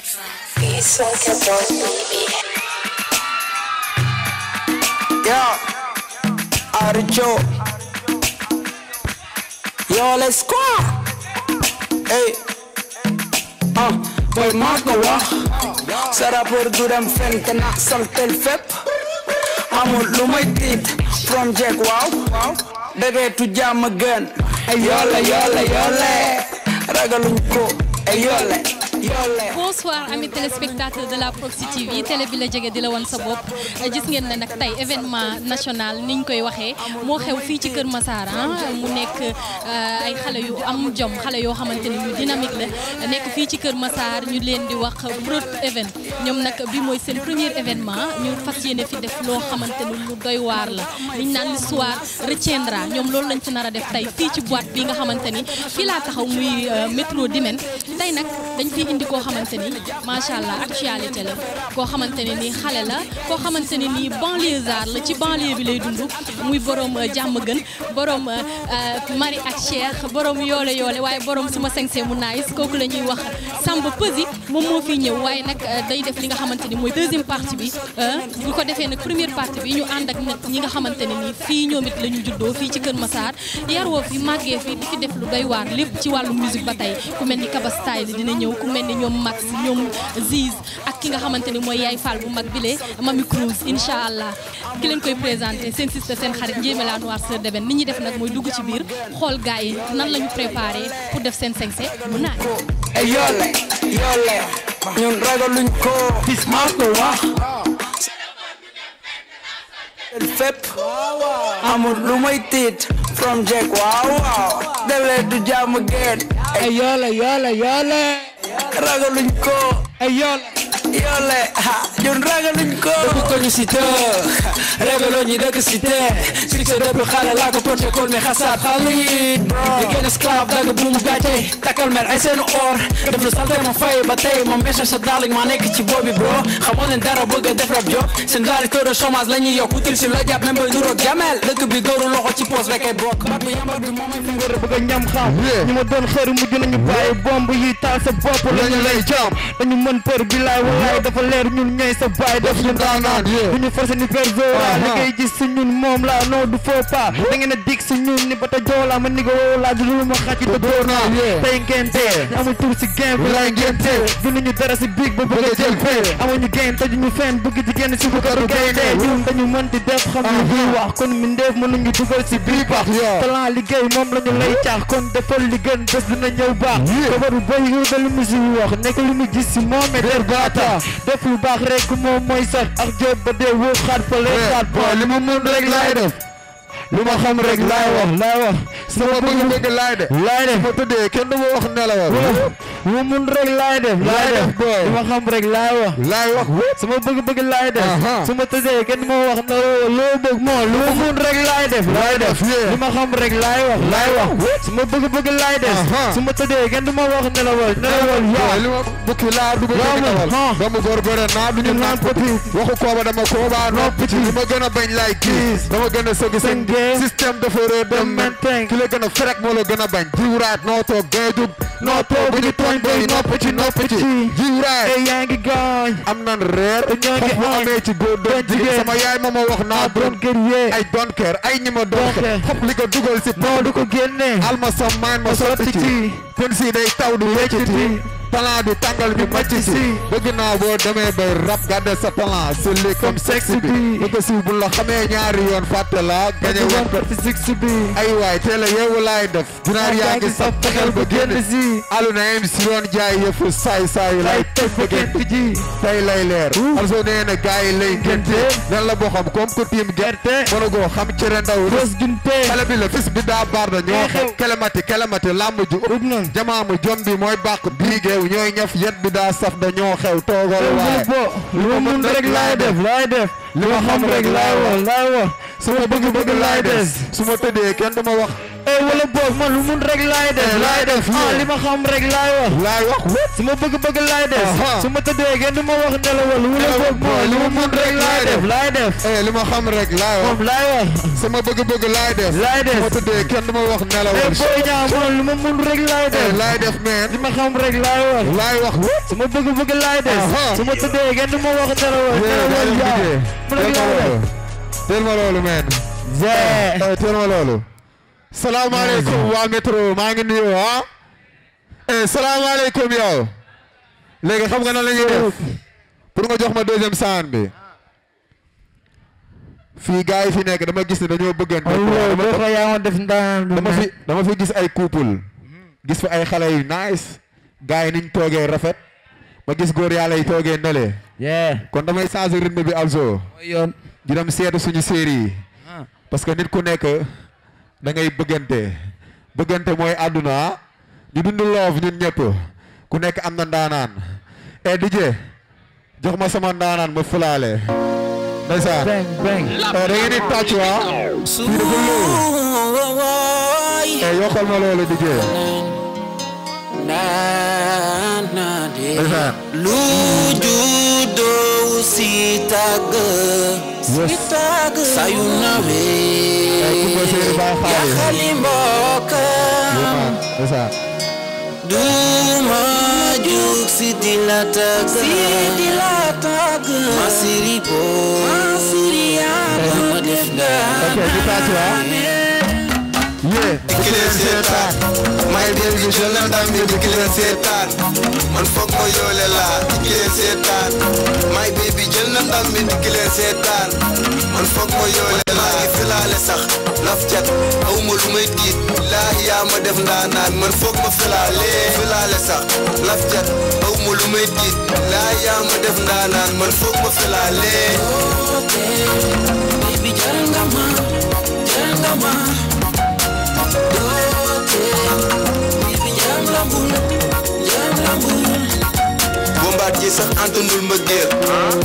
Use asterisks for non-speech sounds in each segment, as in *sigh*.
It's like a Yeah, Arjo. Yo, let's go. Hey. Ah, uh, voi margoa. Uh. Sara purduram frente na salte el fep. Amul lumai from Jack Wow. Dere tu jam again. Ayole, ayole, ayole. Ragalunko, ayole. Ayole. bonsoir amis téléspectateurs de la Proxi TV télé bi la jege di la wan sa bopp gis ngeen ne nag tey événement national niñ koy waxee moo xew fii ci Kër Massar ah. mu nekk euh, ay xale yu am jom xale yoo xamante ni ñu dynamique la nekk fii ci Kër Massar ñu leen di wax Prod Event ñoom nag bi mooy seen premier événement ñu fas yéene fi def loo xamante ni lu doy waar la liñ naan l'histoire retiendra ñoom loolu lañ ci nar a def tey fii ci boîte bi nga xamante ni fii laa taxaw muy euh, indi koo xamante ni macha allah actualité la ne nii xale la koo xamante ne nii banlieusard la ci banlieue bi lay dund muy borom euh, jàmm gën borom euh, euh, mari ak Cheikh borom yoole yoole waaye borom suma sensé mu naayis kooku la ñuy wax Samba Peuzzi moom moo fi ñëw waaye nag day def li nga xamante ni mooy deuxième partie bi bu ko defee nag première partie bi ñu ànd ak nag ñi nga xamante ne nii fii ñoom it la ñu juddoo fii ci Kër Massar yaroo fi màggee fi di fi def lu doy waar lépp ci wàllu musique ba tey mel ni ñoom Max ñoom Ziz ak ki nga xamante ni mooy Yaay Fall bu mag bile Mami Cruz incha allah ki leen koy présenté seen siste seen xarit Ndiémé la Noire Sœur Deben ni ñuy def nag mooy dugg ci biir xool gars nan la ñu préparé pour def seen sañse mu naaj. yoole yoole ñun ragaluñ ko gis maa ko wax. fépp amul lu waaw waaw. du jàmm geen. yoole yoole yoole. ragaluñ ko ay yoon yoo le ha ñun ragaluñ ko dëkk ko ñu cité ragaloo ñu dëkk cité succès depuis xale laa ko porté kon mais xasaat xale or def lu salte ma fay ba ma message sa darling ma nekk ci boobi bro xamoon leen dara a def rab job seen daari taux de chômage la ñuy yokk si la jàpp même bay nuroog jamel dëkk bi góoru loxo ci poos rek ay bokk bat bu bi moom ay fi ngër bëgg a ñam xaam ñu ma doon xër mujj nañu bàyyi bomb yi taal sa bopp lañu lay jaam dañu mën për bi wallaay dafa leer ñun ñooy sa baay def ñu daanaan du ñu forcé ni persora li ngay gis si ñun moom la non du faux pas da si ñun ni bata joola ma ni nga woo laa dudul ma xàcc te dóor tey ngeen dee amul tur si gain si biig ba bëgg a jël fee amuñu gain tajuñu si bukaru gaynde ñun dañu mën di def xam lu ñuy wax kon mi ndeef mënuñu dugal si biir baax talent liggéey moom la lay caax kon defal li gën bés dina ñëw baax ko waru bay wax nekk lu mu gis si moome baata waa def lu baax rek moom mooy sax ak jot ba dee woo xaat fa lay xaat booy li mu mën rek lu ma xam rek laay wax laay wax sama bëgg-bëgg laay def laay def ma tëddee kenn du ma wax nelawal lu mun rek laay def laay def lu ma xam rek laay wax laay wax sama bëgg-bëgg laay def su ma tëddee kenn du ma wax nelawal loo bëgg moo lu mun rek laay def laay def lu ma xam rek laay wax laay wax sama bëgg-bëgg laay def su ma tëddee kenn du ma wax nelawal nelawal yaa li ma bukki laa du ma nelawal dama góor bëre naa du ñu naan petit waxu kooba dama koobaa noppi ci li ma gën a bañ laay gis dama gën a sëgg sëgg système dafa réer dem maintenant ki la gën a ferek moo la gën a bañ jiwraat noo toog gën a jub noo toog bu ñu tooñ bay nopp ci nopp ci jiwraat e yaa ngi gaañ am nan reer xof bu amee ci góor doon jigéen sama yaay moom a wax naa doon kër yee ay doon ay ñi ma doon kër li ko dugal si noo du ko génne alma sa ma sotti ci kon si day taw du wéccati talent bi tàngal bi màcc si bëgg naa boo demee bay rap gàdde sa talent si li comme sexe bi ni ko bu la xamee ñaari yoon fàtte la gañe woon ko physique bi ay waay teel a yeewu laay def ginaar yaa ngi saf fexeel ba génn si alu na em si doon jaay yëfu saay saay lay tëj ba gént ji tey lay leer alsoo nee na gars yi lay ngénte la boo xam comme ko tiim gerte mëna goo xam cere ndaw rës ginte xale bi la fis bi daa baar ñoo xew kelemati kelemati làmb ju xew ñooy ñaf yet bi daa saf dañoo xew toogal waaye lu mun rek laay def laay li ma xam rek laay wax laay wax su ma bëgg bëgg laay des su ma tëddee kenn du ma wax eh wala boog man lu mun rek laay def eh, laay def ah li ma xam rek laay wax laay wax su ma bëgg bëgg laay def su ma tëddee kenn du ma wax ne eh, la wala wala boog man lu ma mun rek laay def laay def eh li ma xam rek laay wax moom laay wax su ma bëgg bëgg laay def laay def su ma tëddee kenn du ma wax ne la wala eh, boy ñaa man lu ma mun rek laay def laay def man li ma xam rek laay wax laay wax su ma bëgg bëgg laay def su ma tëddee kenn du ma wax ne la wala wala teel ma loolu men teel ma loolu salaamaaleykum waa métro maa ngi nuyu ah eh, salaamaaleykum yow léegi xam nga na la ñuy nga jox ma deuxième saan bi fii gars yi fi nekk dama gis ne dañoo bëggante dama fi dama fi gis ay couple gis fa ay xale yu nice gars yi niñ tooge rafet ma gis góor yàlla yi toogee nele yeah kon damay changer rythme bi also mooy yoon di dem seetu suñu série yi parce que nit ku nekk da ngay bëggante bëggante mooy àdduna ñu dund loof ñun ñëpp ku e DJ jox ma sama ndaanaan ma fulaale Bang, da ngeen di touch waa fii dafa ma DJ lu juddoo si tàgg si tàgg sayu nawee yaxali mbokkam du ma jug si di la tàgg si di la tàgg ma siri boo ma siri yaa ma def yee bukki leen seetaan may dem gi journal dam bi bukki leen seetaan man foog ma yoole laa bukki leen seetaan may baby jël na dam bi bukki leen seetaan man foog ma yoole laa ngi filaale sax laf cat aw ma lu may tiit laa yaa ma def ndaanaan man foog ma filaale filaale sax laf cat aw ma lu may tiit laa yaa ma def ndaanaan man foog ma filaale ji sax antanul ma géer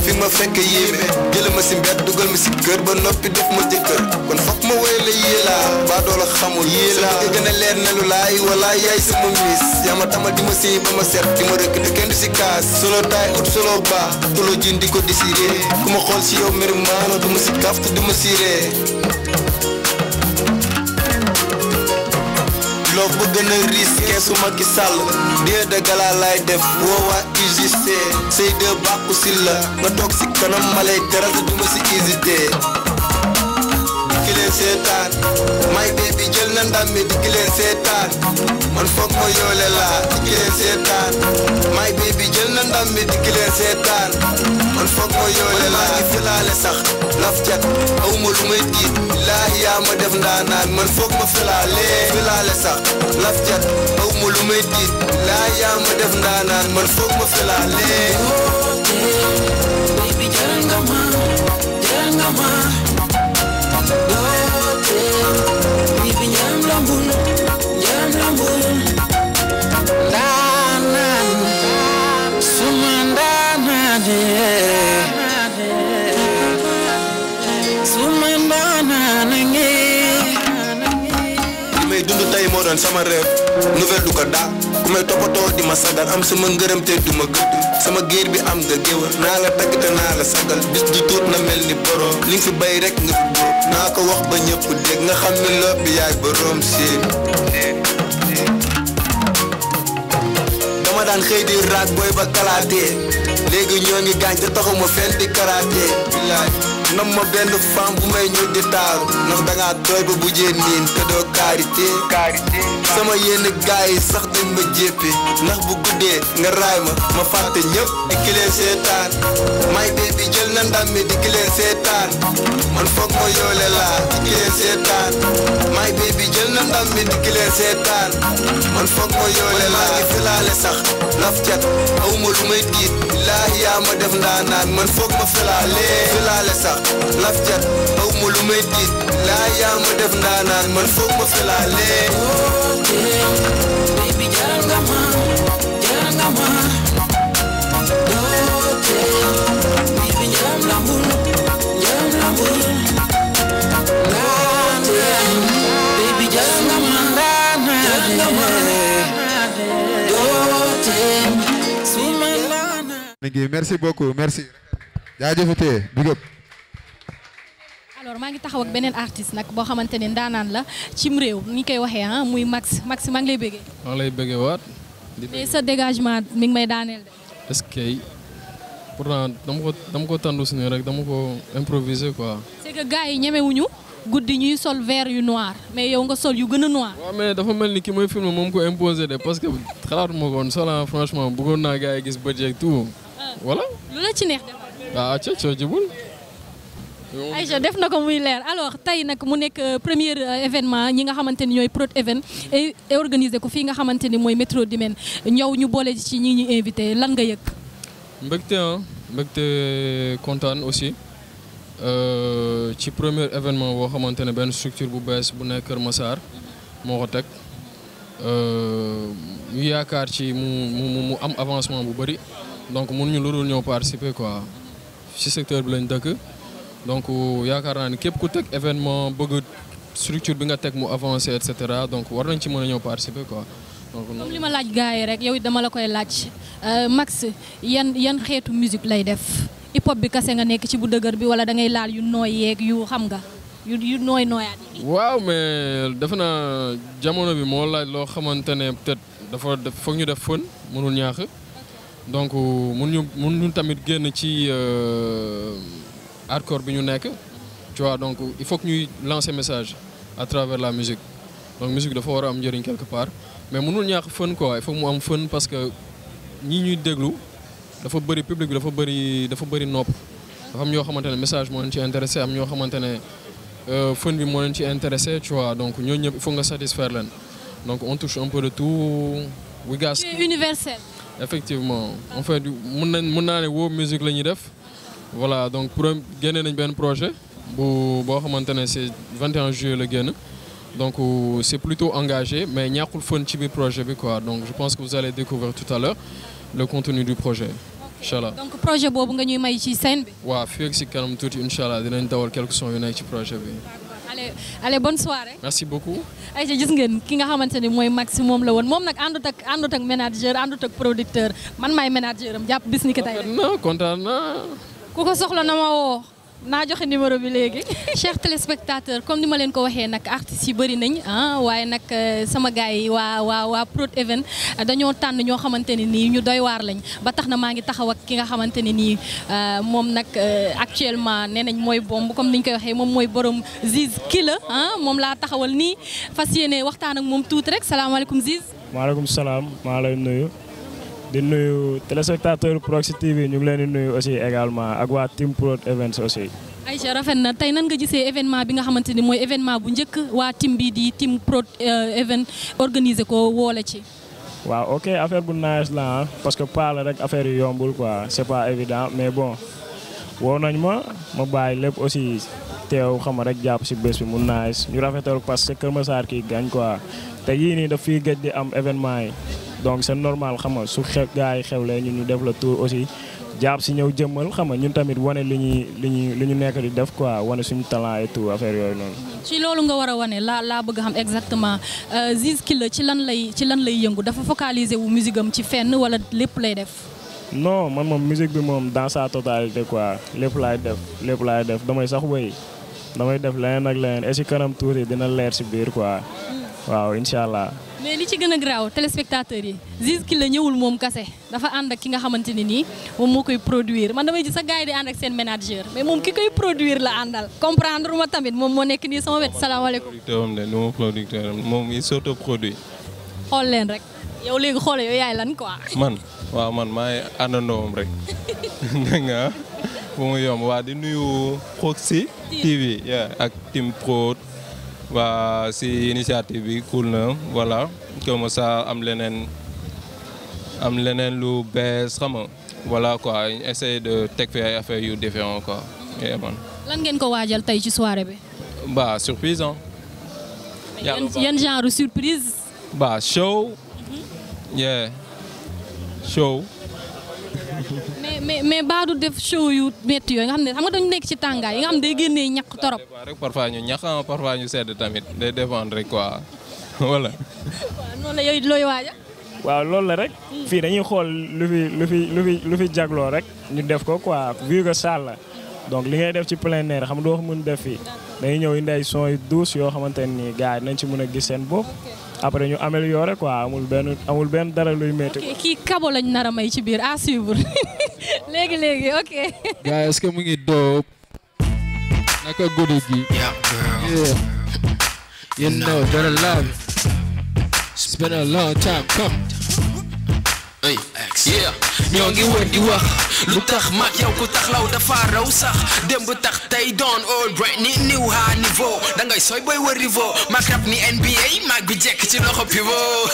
fi ma fekk yéeme jëla ma si mbett dugal ma si kër ba noppi def ma jëkkër kon foog ma woy la yéela baa doola xamul yéela su gën a leer ne lu laay wala yaay sama miis yaa ma tamal di ma sëy ba ma set di ma rëkk te du si kaas solo taay ut solo baa tuloo jin di ko disiré ku ma xool si yow mbir maano du ma si kaf te du ma si ree loo ko gën a risqué su ma ki sàll dee de laay def woowaa UGC say de bàkku si la nga toog si kanam ma lay teral te du ma seetaan may baby jël na ndam mi dikki leen seetaan man foog ma yoole laa dikki leen seetaan may baby jël na ndam mi dikki leen seetaan man foog ma yoole laa ngi filaale sax laf cat aw ma lu may tiit laahi yaa ma def ndaanaan man foog ma filaale filaale sax laf cat aw ma lu may tiit laahi yaa ma def ndaanaan man foog ma filaale baby jël nga ma jël nga ma naan sama rêve nouvelle du ko daa ku may toppatoo di ma sagal am sama ngërëm te ma gëdd sama géer bi am nga géwal naa la takk te naa la sagal bis du tuut na mel ni borom li nga fi bay rek nga fi góob naa ko wax ba ñëpp dégg nga xam ni loo bi yaay borom siin dama daan xëy di raag booy ba kalaatee léegi ñoo ngi gaañ te taxuma fenn di karaatee bilaay nam ma benn femme bu may ñu di taaru ndax dangaa doy ba bu jee niin te doo karité sama yenn gaay yi sax dañ ma jéppi ndax bu guddee nga raay ma ma fàtte ñëpp di kilee seetaan may dee bi jël na ndam mi di kilee seetaan man foog ma yoole laa di kilee seetaan may dee bi jël filaale sax laf cat awma lu may diit laahi yaa ma def ndaanaan man foog ma filaale filaale sax tax laf cat aw ma lu may tiit yaa ma def ndaanaan man foog ma felaalee. baby jaral nga ma jaral nga ma merci beaucoup merci. jaajëfete big up alors maa ngi taxaw ak beneen artiste nag boo xamante ne daanaan la cim réew ni koy waxee ah muy Max Max maa ngi lay bëggee. maa ngi lay bëggee waat. mais sa dégagement mi ngi may daaneel de. est pour que pourtant dama ko dama ko tàndu suñu rek dama ko improviser quoi. c'est que gars yi ñemewuñu guddi ñuy sol vert yu noir mais yow nga sol yu gën a noir. waaw mais dafa mel ni ki mooy film moom ko imposer de parce que xalaatuma ko woon soxna franchement bëggoon naa gars yi gis bët yeeg tout. Ah. voilà la ci neex de. ca coo ah, jubul. Aïcha def na muy leer alors tay nak mu nek euh, premier euh, événement ñi nga xamanteni ñoy ñooy event et organisé ko fi nga xamanteni moy métro dimen, men ñu bolé ci ñi ñi invité lan nga yëg. mbégte hein, mbégte contane euh, aussi ci premier événement boo xamanteni ben structure bu bees bu nek Kër Massar moo ko teg ñu ci mu mu mu am avancement bu bari. donc mënuñu lu dul ñëw participer quoi ci secteur bi lañ dëkk. donc euh, yaakaar naa ni képp ku teg événement bëgg structure bi nga teg mu avancé et cetera donc war nañ ci mën a ñëw participer ko donc comme li ma laaj gars yi rek yow dama la koy laaj euh, Max yan yan xeetu musique lay def hip bi kase nga nekk ci bu dëgër bi wala da ngay laal yu nooy yeeg yu xam nga yu nooy nooyaat waaw mais defe naa jamono bi moo laaj loo xamante ne peut-être dafa foog ñu def fën mënul ñaax donc euh, mun ñu mun ñu tamit génn ci. hardcore bi nek tu vois donc il faut que ñuy lancer message à travers la musique donc musique dafa war am njëriñ quelque part mais mënul ñàkk fun quoi il faut mu am fun parce que ñi ñuy déglu dafa bëri public bi dafa bëri dafa bëri nopp dafa am ño xamantene message mo leen ci intéressé am ño xamantene euh fun bi mo leen ci intéressé tu vois donc ñooñu ñëpp il faut nga satisfaire leen donc on touche un peu de tout wigas universel effectivement On fait mën nañ mën naa ne woo musique lañuy def voilà donc pour gagner un projet bu le c'est 21 juillet donc euh, c'est plutôt engagé mais y y ci de projet bi quoi donc je pense que vous allez découvrir tout à l'heure le contenu du projet Inchallah. le donc projet est nga ñuy may ci scène bi. waaw c'est ak tout kanam tuuti incha y dinañ dawal quelques sons projet allez allez bonne soirée. merci beaucoup. Je gis ngeen que nga xamante un maximum la temps. Vous êtes un manager un ak producteur man un manager Vous êtes un business. Non, content. Non, ku ko soxla na ma woo naa joxe numéro bi léegi. *laughs* chers téléspectateurs comme ni ma leen ko waxee nag artistes yi bëri nañ ah waaye nag euh, sama gars yi waa waa waa Prod Event dañoo tànn ñoo xamante ne nii ñu doy waar lañ ba tax na maa ngi taxaw ak ki nga xamante ne nii euh, moom nag euh, actuellement nee nañ mooy bomb comme ni ñu koy waxee moom mooy borom Ziz kii la ah moom laa taxawal nii fas yéene waxtaan ak moom tuuti rek salaamaaleykum Ziz. maaleykum salaam maa lay nuyu. di nuyu téléspectateur Proxi TV ñu ngi leen di nuyu aussi également ak waa Team Prod Events aussi. Aïcha rafet na tey nan nga gisee événement bi nga xamante ni mooy événement bu njëkk waa tim bi di Team Prod euh, Event organiser ko woole ci. waaw ok affaire bu nice la ah, parce que parle rek affaire yu yombul quoi c'est pas évident mais bon woo nañ ma ma bàyyi lépp aussi teew xam rek jàpp si bés bi mu nice ñu rafetal parce que Kër Massar kii gañ quoi te yii nii daf fiy gëj di am événement yi. donc c'est normal xam nga su xew gars yi xewlee ñun ñu def la tour aussi jàpp si ñëw jëmmal xam nga ñun tamit wane li ñuy li ñuy li ñu nekk di def quoi wane suñu talent et tout affaire yooyu noonu. ci loolu nga war a wane laa laa bëgg xam exactement euh, Ziz Killa ci lan lay ci lan lay yëngu dafa focaliser wu musique am ci fenn wala lépp lay def. non man moom musique bi moom dans sa totalité quoi lépp laay def lépp laay def damay sax wéy damay def leneen ak leneen et si kanam tuuti dina leer si biir quoi mm. waaw incha allah. mais li ci gën a graaw téléspectateurs yi Ziz ki la ñëwul moom kase dafa ànd ak ki nga xamante ne nii moom moo koy produire man damay gis sa gars yi di ànd ak seen manager mais moom ki koy produire la àndal comprendre ma tamit moom moo nekk nii sama wet salaamaaleykum. producteur am de nu producteur am moom il s'auto produit. xool leen rek yow léegi xoole yow yaay lan ko man waaw man maay àndandoom rek *laughs* dégg nga bu mu yomb waa di nuyu Proxi TV ak Team Prod. c'est une initiative cool na voilà comme ça am lenen am lenen lu bees xam voilà quoi essayer de teg fi ay affaires yu différent quoi. lan ngeen ko waajal tay ci soirée bi. bah surprise hein. a une genre surprise. bah show. Mhm. yeah show. *laughs* mais mais baa du def show yu métti yooyu nga xam ne xam nga dañu nekk ci tàngaay yi nga xam day génnee ñàkk torop. rek parfois ñu ñàkk ah parfois ñu sedd tamit day dépendre rek quoi *laughs* voilà. waaw noonu loolu la rek. fii dañuy xool lu fi lu fi lu fi lu fi jagloo rek. ñu def ko quoi vu que salle la donc li ngay def ci plein air xam doo ko mën def fii. dañuy ñëw indi ay son yu douce yoo xamante ne nii gars nañ ci mën a gis seen bopp. après ñu améliorer quoi amul amul dara luy métti. ok kabo lañ may ci biir à suivre *laughs* ok. gars est-ce que mu ngi dope. naka gi. yeah. you know that I love it's been a long time come. ay yeah ñoo ngi wër di wax lu tax mag yow ku taxlaw dafa raw sax démb tax tey doon all right ni new high niveau dangay sooy booy wër rivo mag rab ni NBA mag bi jekk ci loxo pivot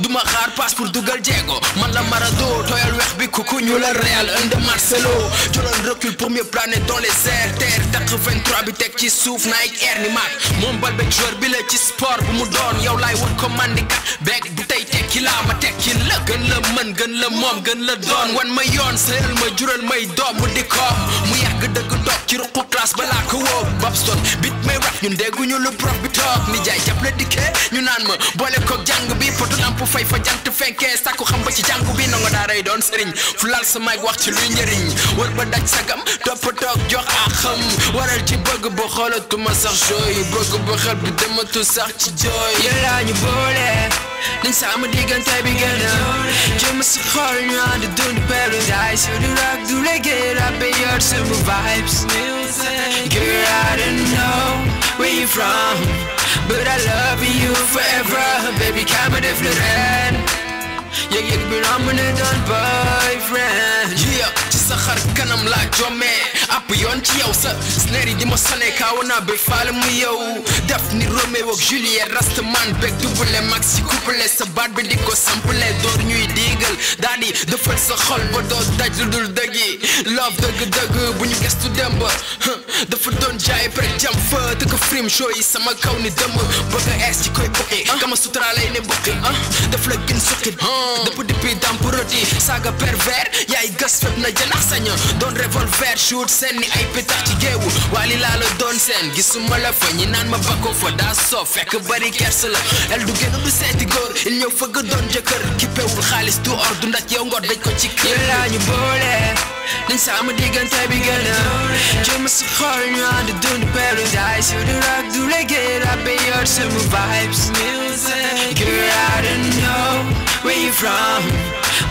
duma xaar passe pour dugal jéego man la marado tooyal wex bi kuku ñu la Real inde Marcelo jëloon recul pour mieux planer dans les airs terre taq 23 bi teg ci suuf Nike Air ni mag moom bal beeg joueur bi la sport bu mu doon yow laay wër commande kat beeg bu tekki laa ma tekki la gën la mën man gën la moom gën la doon wan ma yoon sëyal ma jural may doom mu di ko mu yàgg dëgg toog ci ruqu classe balaa ko woo Bobston bit may rap ñun dégguñu lu prof bi toog ni jaay la dikkee ñu naan ma boole ko jàng bi poto lamp fay fa jant fenkee sàkku xam ba ci jàng bi nongo daaray doon sëriñ fu laal sa maag wax ci luy njëriñ war ba daj sagam topp toog jox a xam waral ci bëgg ba xoolatuma sax jooy bëgg ba xel bi dematu sax ci jooy yàlla ñu boole nañ sama diggante bi gën promise of calling on the dune paradise You the rock, do they get up in your simple vibes Girl, I don't know where you from But I love you forever Baby, come and if you Yeah, you can be wrong when boyfriend Yeah, just a hard can I'm like your man app yoon ci yow sa snare di ma sone kaaw naa bëgg faale mu yow def ni Roméo ak Juliette rastaman beeg double max ci couple sa baat bi di ko sample door ñuy diigal daal di sa xol ba daj dul dëgg love dëgg-dëgg bu ñu gestu dem ba dafa doon jaay pare jam fa te ko frim show yi sama kaw ni dëmm bëgg a ees ci koy bokki ah. kama sutura lay ne ah. la gën sukki ah. dëpp dippi gas fépp na janax sañ doon revolver shoot seen ni ay pitax ci géewu waali laa la doon seen gisuma la fa ñi naan ma bakko fa daa soof fekk bari kersa la el du génn du seeti góor il ñëw fëgg doon jëkkër kippewul xaalis du or du ndax yow ngor dañ ko ci kër laa ñu boole dañ sama diggante bi gën jëm si xool ñu ànd dund paradise yow du rap du reggae rappe yor sama vibes music girl I don't know where you from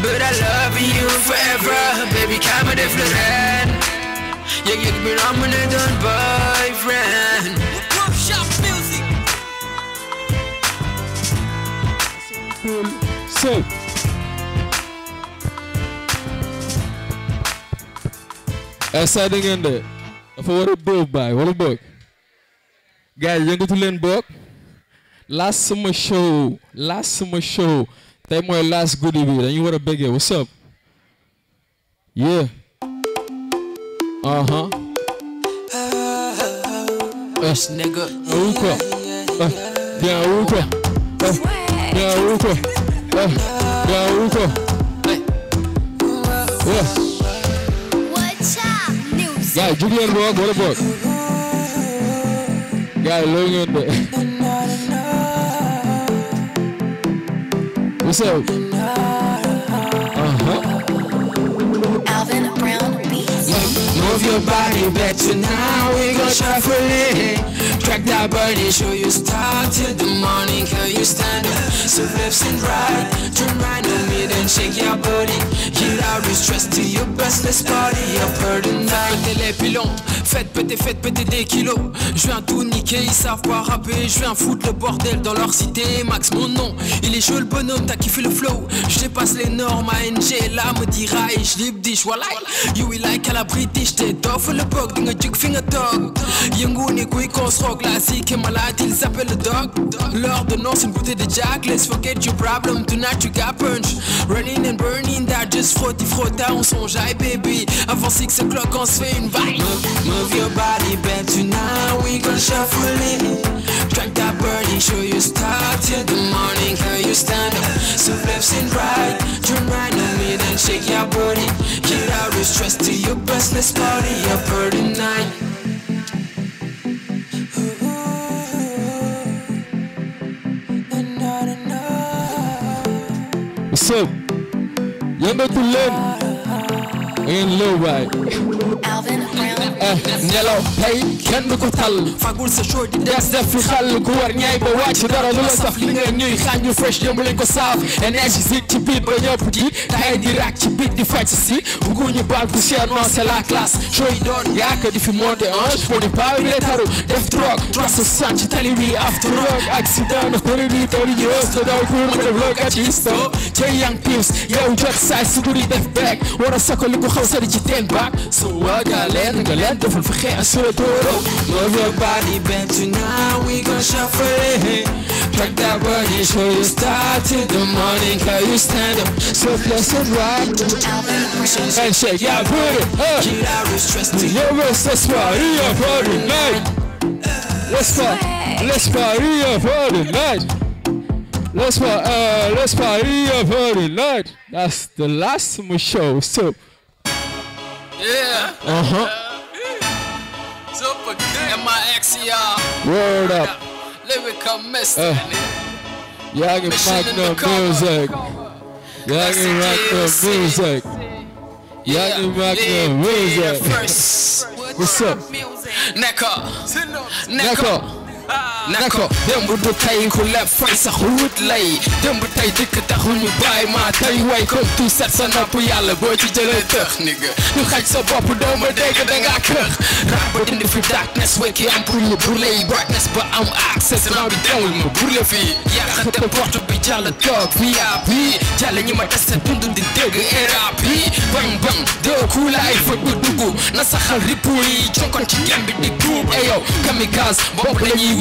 But I love you forever Baby, come different if yeah, Ja, ik ben abonneerd aan boyfriend. Shop music. Sim. again, dingende. Voor wat een boek bij, What een book, Guys, je to learn book. Last summer show, last summer show. Tell my last goodie, and you were a bigger. What's up? Yeah. Uh huh. Yes, nigga. Uka. Uh, yeah, Uka. Uh, yeah, Uka. Uh, yeah, Uka. Yes. What's up, news? Yeah, Julian Rock, what about? Yeah, looking at the. What's up? Uh huh. Alvin Brown Beat. Move your body, baby. So now we gon' shuffle it Track that body, show you start Till the morning, how you stand up So left and right, turn right on me Then shake your body Get out, stress to your best Let's party up for the night les pilon Faites péter, faites péter des kilos Je viens tout niquer, ils savent pas rapper Je viens foutre le bordel dans leur cité Max mon nom, il est chaud le bonhomme T'as kiffé le flow, je dépasse les normes ANG, là me dit je voilà You will like à la British, t'es le bug nga jug fi nga toog yëngu ni classique malade ils appellent le doc l'ordonnance une bouteille de Jack let's forget your problem tonight you got punch running and burning that just frotty frotta on songe baby avant 6 o'clock on se fait une vibe move, your body bend tonight we gonna shuffle it drink that burning show you start till the morning how you stand up so left and right turn right now me and shake your body Get out of stress to your breast, let's party up for tonight What's up? You're about to learn. And low right. Alvin Brown nelaw tey kenn ko tal fagul sa show des def fi xal ku war ñaay ba wàcc dara lu la saf li ngeen ñuy xaaj ñu fresh yëmbu leen ko saaf énergie zik ci biir ba ñëpp di taay di raak ci biir di fecc si bugu ñu baal bu cher non c'est la classe show yi doon yaaka di fi monté ange pour di paaw bi taru def drogue trois sa sant ci tali bi after work, accident ko ni tali ñu ës da daw pour ma def loo gàcc isto ci young pips jot saay si def back war a sakko ci ten back so waaga leen nga different from here to the Move your body, bend to now, we gon' shuffle it. Track that body, show you start till the morning, can you stand up? So flex and rock. And shake, yeah, put it up. Your wrist, let's party up all the night. Let's party, let's party up all the night. Let's pa uh, let's party up for the night. That's the last of my show. So yeah. Uh huh. And my ex, y'all. Word up. Lyrical come, Uh, y'all can rock no music. Y'all can rock the music. Y'all can rock the music. What's up? Necker. Necker. naka démb du tey ku leb fay sax wut lay démb tey dikk taxu ñu bàyyi maa tey way comme tout set sa nopp yàlla boo ci jëlee tëx ni nga ñu xaj sa bopp doo ma dégg dangaa këx rab ba dindi fi darkness way ki am pour ñu burle yi brightness ba am access ran bi dewul ma burle fii yàqante porte bi jàll toog fii yaa bii jàll ñi ma teste dund di dégg erap bi bang bang doo kuulaay fa du dugg na saxal ripu yi jokkoon ci gembi di tuub eyow kamikaze bopp lañuy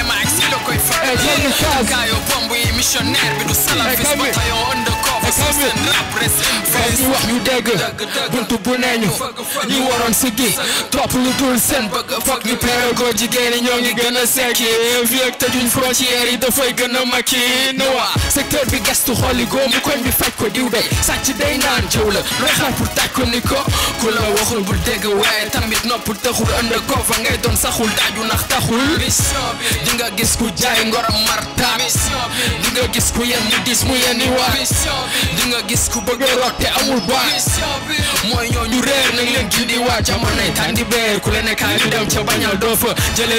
ema exilo koy fa kayo bombo missionaire bi du sala système représente foog ñu wax yu dégg buntu bu neñu ñi waroon siggi topp lu dul seen foog ñu peere góor jigéen ñoo ngi gën a sekki fii ak tëjuñ frontière yi dafay gën a makki noa secteur bi gestu xooli góomu koñ bi faj ko diw day sàcc day naan jëw la looy xaar pour tàkk ni ko ku la waxul bul dégg waaye tamit noppul taxul ënd ko fa ngay doon saxul daaju ndax taxul di gis ku jaay ngoram marta di gis ku yenn ñu dis mu yenni waa di nga gis ku bëgg root te amul baas mooy ñooñu réer nañ leen kii di waa jamonoy tàndi beer ku leen nekkaay ñu dem ca bañal doo fa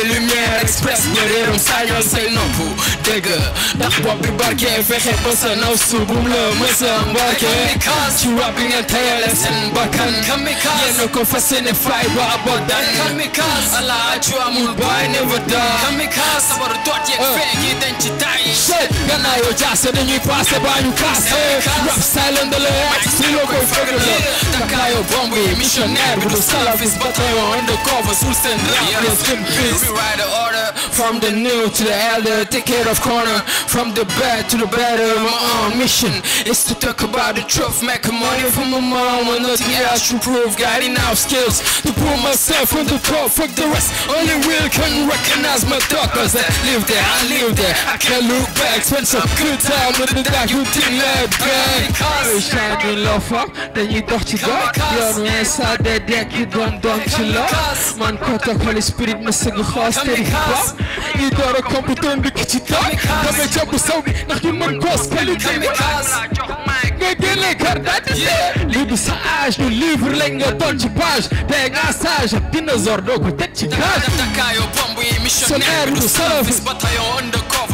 lumière express ña réerum saañal say nopp dégg ndax bopp bi barke fexe ba sa naw su bum la mësa mbarke ci rab bi ngeen tayale seen bakkan yéen ko fas yéene fay ba abadan ala ju amul baay never die sabar doot yeeg ah. feeg yi dañ ci tay gannaaw yoo jaase dañuy passé baa ñu kaas Rap style on the left, stilo koji fregele Takajo bombe i missioner Budu salafi zbataju undercover Sulsten rap, rest in peace Rewrite the order From the new to the elder Take care of corner From the bad to the better My own mission is to talk about the truth Make money from my mom and nothing else to prove Got enough skills to put myself on the top Fuck the rest, only real can recognize my thought Cause I live there, I live there I can't look back Spend some good time with the guy you didn't let go yooyu chan ñu loo foog dañuy dox ci dox yoon ween saa dee dekk yi doon doon ci loo man koto Holy Spirit ma sëgg xoos te di hip-hop ñu door a computer mbikk ci dox damay jàpp saw bi ndax ñu mën goos qualité bi nga génne carte d'identité lii du sa âge du livre lañ nga doon ci page tey nga sage ak dinosaure doo ko teg ci cage sonneer du soof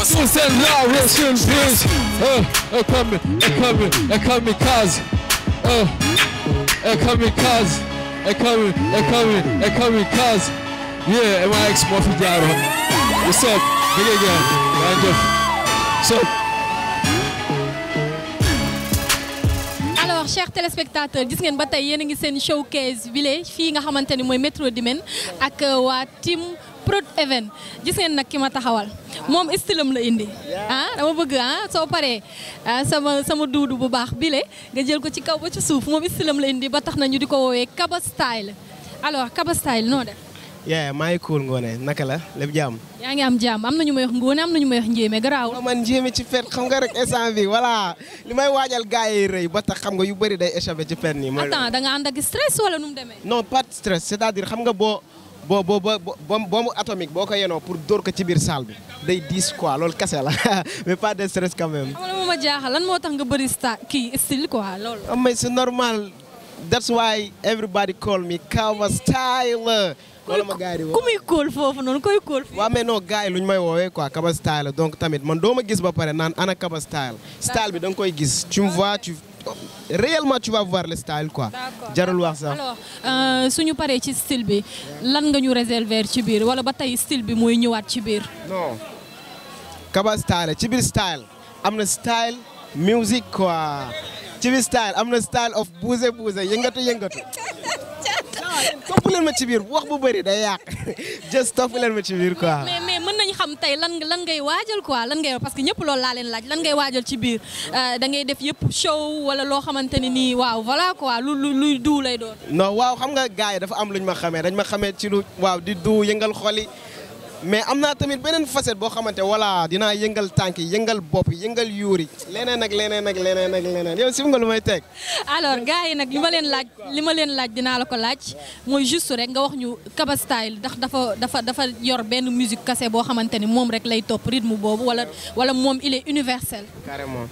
Muslims and now rest in peace. Uh, uh come kami, a kami, a kamikaze. Uh, a kamikaze. come kami, a kami, a cuz. Yeah, and my ex Murphy Dado. What's up? Big again. Thank you. So. alors chers téléspectateurs gis ngeen ba tay yéen a ngi seen showcase village fii nga xamante ni mooy métro Dimène ak euh, waa tim prod event gis ngeen nag ki ma taxawal moom stylam la indi ah dama bëgg ah soo paree ah, sama sama duudu bu baax bile nga jël ko ci kaw ba ci suuf moom stylam la indi ba tax na ñu di ko woowee Kaba style alors Kaba style noo def. yaa maa ngi cool ngoone naka la lépp jàmm. yaa ngi am jàmm am na ñu may wax ngoone na ñu may wax njéeme garaaw. man njéeme ci fen xam nga rek instant bi voilà li may waajal gars rëy ba tax xam nga yu bari day échappé ci fen nii. mooy attends da nga ànd ak stress wala nu demee. non pas stress c'est-à-dire xam nga boo. boo boo bombe atomique boo ko yenoo pour dóor ko ci biir salle bi day diis quoi loolu kese la *laughs* mais pas de stress quand même. xam nga moom ma jaaxal lan moo tax nga bëri sta kii style quoi loolu. Ah, mais c'est normal that's why everybody call ma gars yi di woo foofu noonu koy kóol. waaw mais non gars lu ñu may woowee quoi Kaba Style donc tamit man doo ma gis ba pare naan ana Kaba Style. style bi da koy gis tu me réellement tu vas voir le style quoi. jarul wax sax. alors euh, suñu paree ci style bi lan nga ñu réserver ci biir wala ba tey style bi mooy ñëwaat ci biir. non kaba style ci biir style am na style musique quoi. ci bi style am na style of bouse bouse yëngatu yëngatu. topp leen ma ci biir wax bu bëri day yàq *laughs* just topp leen ma ci biir quoi. mais mais mën nañ xam tey lan lan ngay waajal quoi lan ngay parce que ñëpp loolu laa leen laaj lan ngay waajal ci biir euh, da ngay def yëpp show wala loo xamante ni nii waaw voilà quoi lu lu luy duu lay doon. non waaw xam nga gars yi dafa am luñ ma xamee dañ ma xamee ci lu waaw di duu yëngal xol yi mais am naa tamit beneen facette boo xamante voilà dinaa yëngal tànk yi yëngal bopp yëngal yuur leneen ak leneen ak leneen ak leneen yow sim nga lu may teg. alors gars yi nag li ma leen laaj li ma leen laaj dinaa la ko laaj mooy juste rek nga wax ñu Kaba Style ndax dafa dafa dafa yor benn musique kase boo xamante ni moom rek lay topp rythme boobu wala wala moom il est universel. carrément.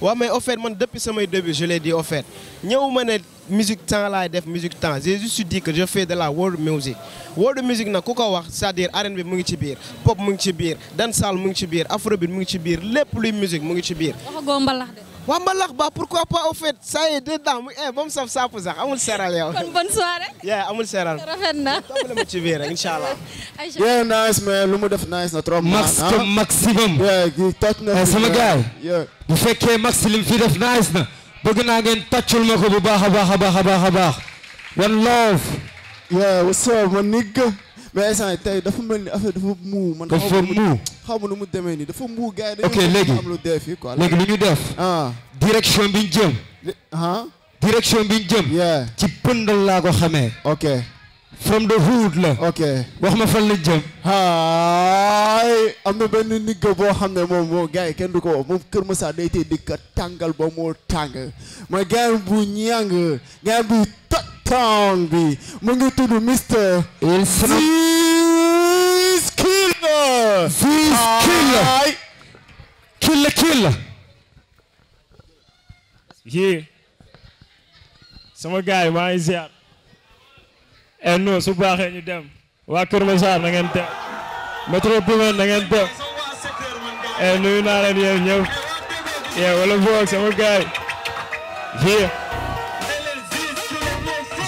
waaw mais offert fait man depuis samay début je l'ai dit offert. fait ñëwuma ne musique temps laay def musique temps j'ai juste dit que je fais de la world music world music nag ku ko wax c'est-à-dire R&B mu ngi ci biir pop mu ngi ci biir dancehall mu ngi ci biir afrobeat mu ngi ci biir lépp luy musique mu ngi ci biir. waxagoo mbalax de. waa mbalax ba pourquoi pas au fait ça y est dedans mu eh, ba mu saf saapu sax amul seeral yow. kon bonne soirée. yaa amul seeral. rafet na topp ma ci biir rek incha allah. *laughs* yéen nice mais lu mu def nice na trop. max ah. maximum. na eh, sama gars bu fekkee max lim fi def nice na. bëgg naa ngeen tàccul ma ko bu baax a baax a baax a baax a baax. one love. yeah what's up ma nigga. mais dafa affaire dafa man. dafa nu mu dafa ok am lu dee fii quoi léegi ñu def. direction bi jëm. direction bi ñu jëm. ci pëndal ko ok. from the hood la. ok wax ma la jëm. haay am na nigga boo xam ne moom moo kenn du ko woo moom Kër day tàngal tàng bu ñàng bu town bi mu ngi Mr. Ziz Killa. Ziz Killa. Killa Killa. Killer. sama gars yi maa ngi ziar. eh non su baaxee ñu dem. waa Kër Masar na ngeen dem. na ngeen dem. eh nuyu naa leen yéen ñëw. Yeah, wala boog sama gars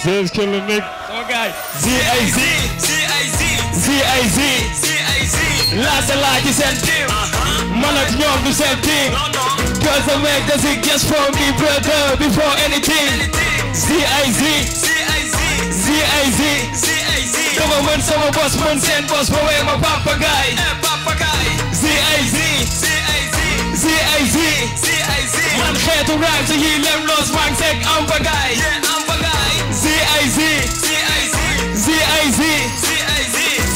Z's killing nigga. Oh guys. Z A Z Z A Z Z A Z Z A Z. Last like the same team. Man at young the same team. Cause I make does it just for me brother before anything. Z A Z Z A Z Z A Z Z A Z. Government summer boss man send boss for where my papa guy. Papa guy. Z A Z Z A Z Z A Z Z A Z. Man care to rhyme so he learn lost one tech I'm a guy. Yeah. Z Z ay Z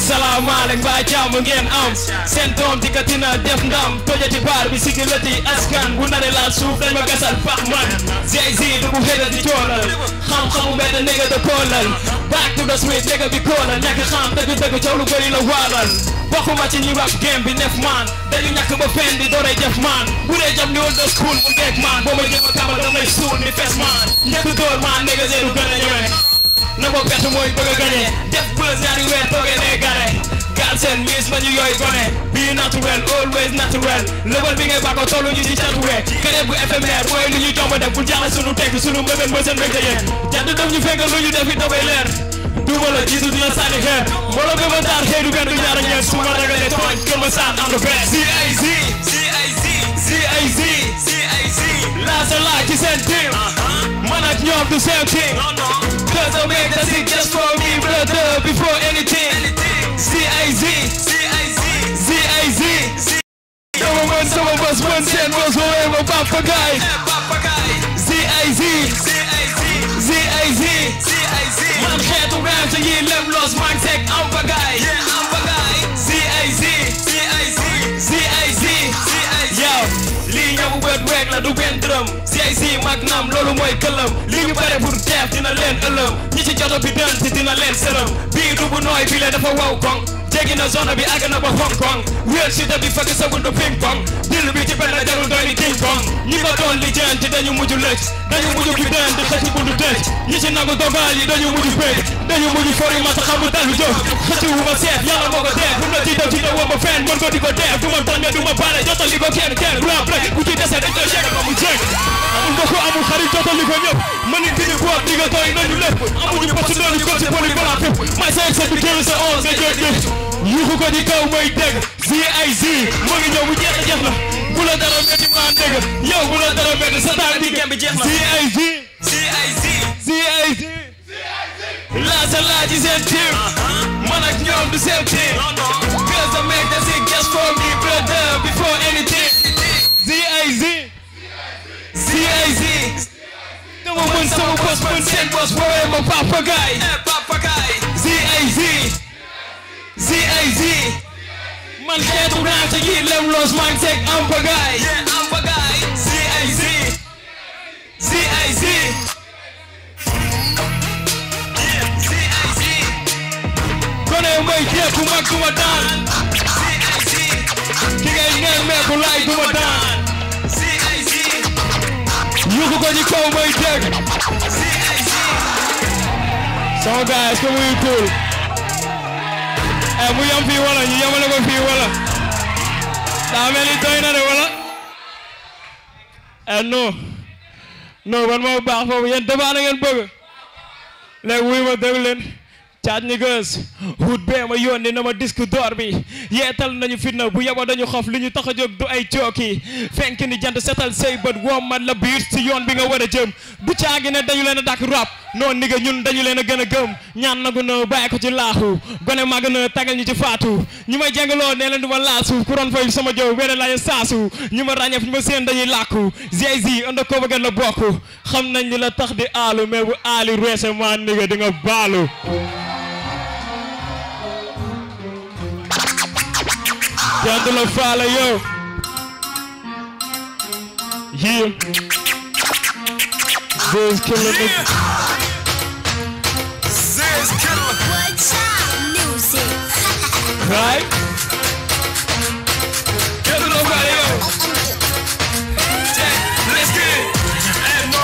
salaamaaleykum ba jàmm ngeen am seen doom di katina def ndam tojati baar bi sigilati askan bu nare laal suuf dañ ma gasal pax man Z ay Z du bu xëy di coolal xam-xamu benn néga de poolal back to the street néga bi koolal ñàkk xam dëgg-dëgg coow lu bëri la waalal bokkuma ci ñi rap game bi neef man dañu ñàkk ba fen di dooree jëf man bu dee jam ni old school bu dégg man boo ma jëm a kaba damay suul ni fes man ñàkk door man néga zéro gën a ñëwee na ko perte mooy bëgg a gañe def bës ñaari weer toogee ne gare gaal seen miis ma ñu yooy gone bii naturel always naturel lëbal bi ngay bàkko tollu ñu ci catuwee carrière bu éphémère mooy lu ñu jomb def bu jaaxle sunu tekk sunu mbëbën mooy seen mbégte yéen jant daf ñu fekk lu ñu def it dafay leer duuma la dina sànni xeer mboolo bi ma taar xëy du du ñaar ak su ma ragalee tooñ kër ma saan ànd benn CIC CIC CIC CIC laa sa laa ci seen team like you're the same thing. No, no. Cause I made the thing just for me, brother, before anything. C-I-Z. C-I-Z. Z-I-Z. Someone was, someone was once and was forever papagay. Z-I-Z. Z-I-Z. Z-I-Z. Z-I-Z. Man, can't do rhymes and you left lost, man, take out bagay. Yeah, out bagay. Z-I-Z. Z-I-Z. Z-I-Z. Z-I-Z. Yo, lean your word feeg la du benn dërëm CIC magnam loolu mooy këlëm li ñu pare pour teef dina leen ëllëm ñi ci joto bi dën si dina leen sërëm bii du bu nooy bi le dafa wow koŋ jéggi na zone bi àgg na ba Hong Kong wéer si da bi fekk sa buntu ping pong dil bi ci benn jarul doy ni ding pong ñi ko doon li jën dañu mujj lëcc dañu mujj bi dën di xëcc buntu tëj ñi nagu dogal yi dañu mujj bëj dañu mujj fori ma sa xamu dalu jóg xëcc wu ma moo ko dee bu na ci daw ko amul xarit dootal ni ko ñëpp ma ni dini quoi diggantooy nañu lépp amuñu parce que loolu kon si poli bala fépp may sa sa bi tëri sa on nga jot lépp yuuxu ko di kaw mooy dégg zi ay zi mu ngi ñëw bu jeex jeex na bu la dara metti ma dégg yow bu la dara metti sa taal di gemb jeex na zi ay zi zi ay zi zi ay zi laa sa laa ci seen team man ak ñoom du seen team first worry my papa guy. Eh, papa guy. Z A Z. Z A Z. Man xeetu naa ci yi lem los man teg am ba gaay. am ba gaay. Z A Z. Z A Z. Kone may jeeku mag du ma daan. Z A Z. Ki ngay neen meeku laay du ma daan. Z A Z. Yuku ko ci kaw may teg. sama gars est-ce que muy cool eh, mu yam fii wala ñu yamale ko fii wala daa mel ni de wala eh non non man moo baax foofu yéen débat na ngeen bëgg léegi wuy ma déglu caat ni gës wut bee ma yónni na ma disque d'or bi yeetal nañu fitna bu yaba dañu xof li ñu tax a jóg du ay cooki fenk ni jant setal say bët woom man la biir si yoon bi nga war a jëm du caagi ne dañu leen a dàkk rap noonu ni ñun dañu leen a gën a gëm ñaan nagu na bàyyi ko ci laaxu gone màgg na tagal ñu ci faatu ñi ma jengaloo nee leen du ma laasu ku ron fay sama jëw wéere laañu saasu ñi ma ràññeef ñu ma seen dañuy làkku gy gy ënd ko bëgg la bokk xam nañ li la tax di aalu mais bu aali reese maa ni nga di nga Dandolo follow you. Yeah. killing me. Yeah. time music. *laughs* right? follow you. Let's get it. And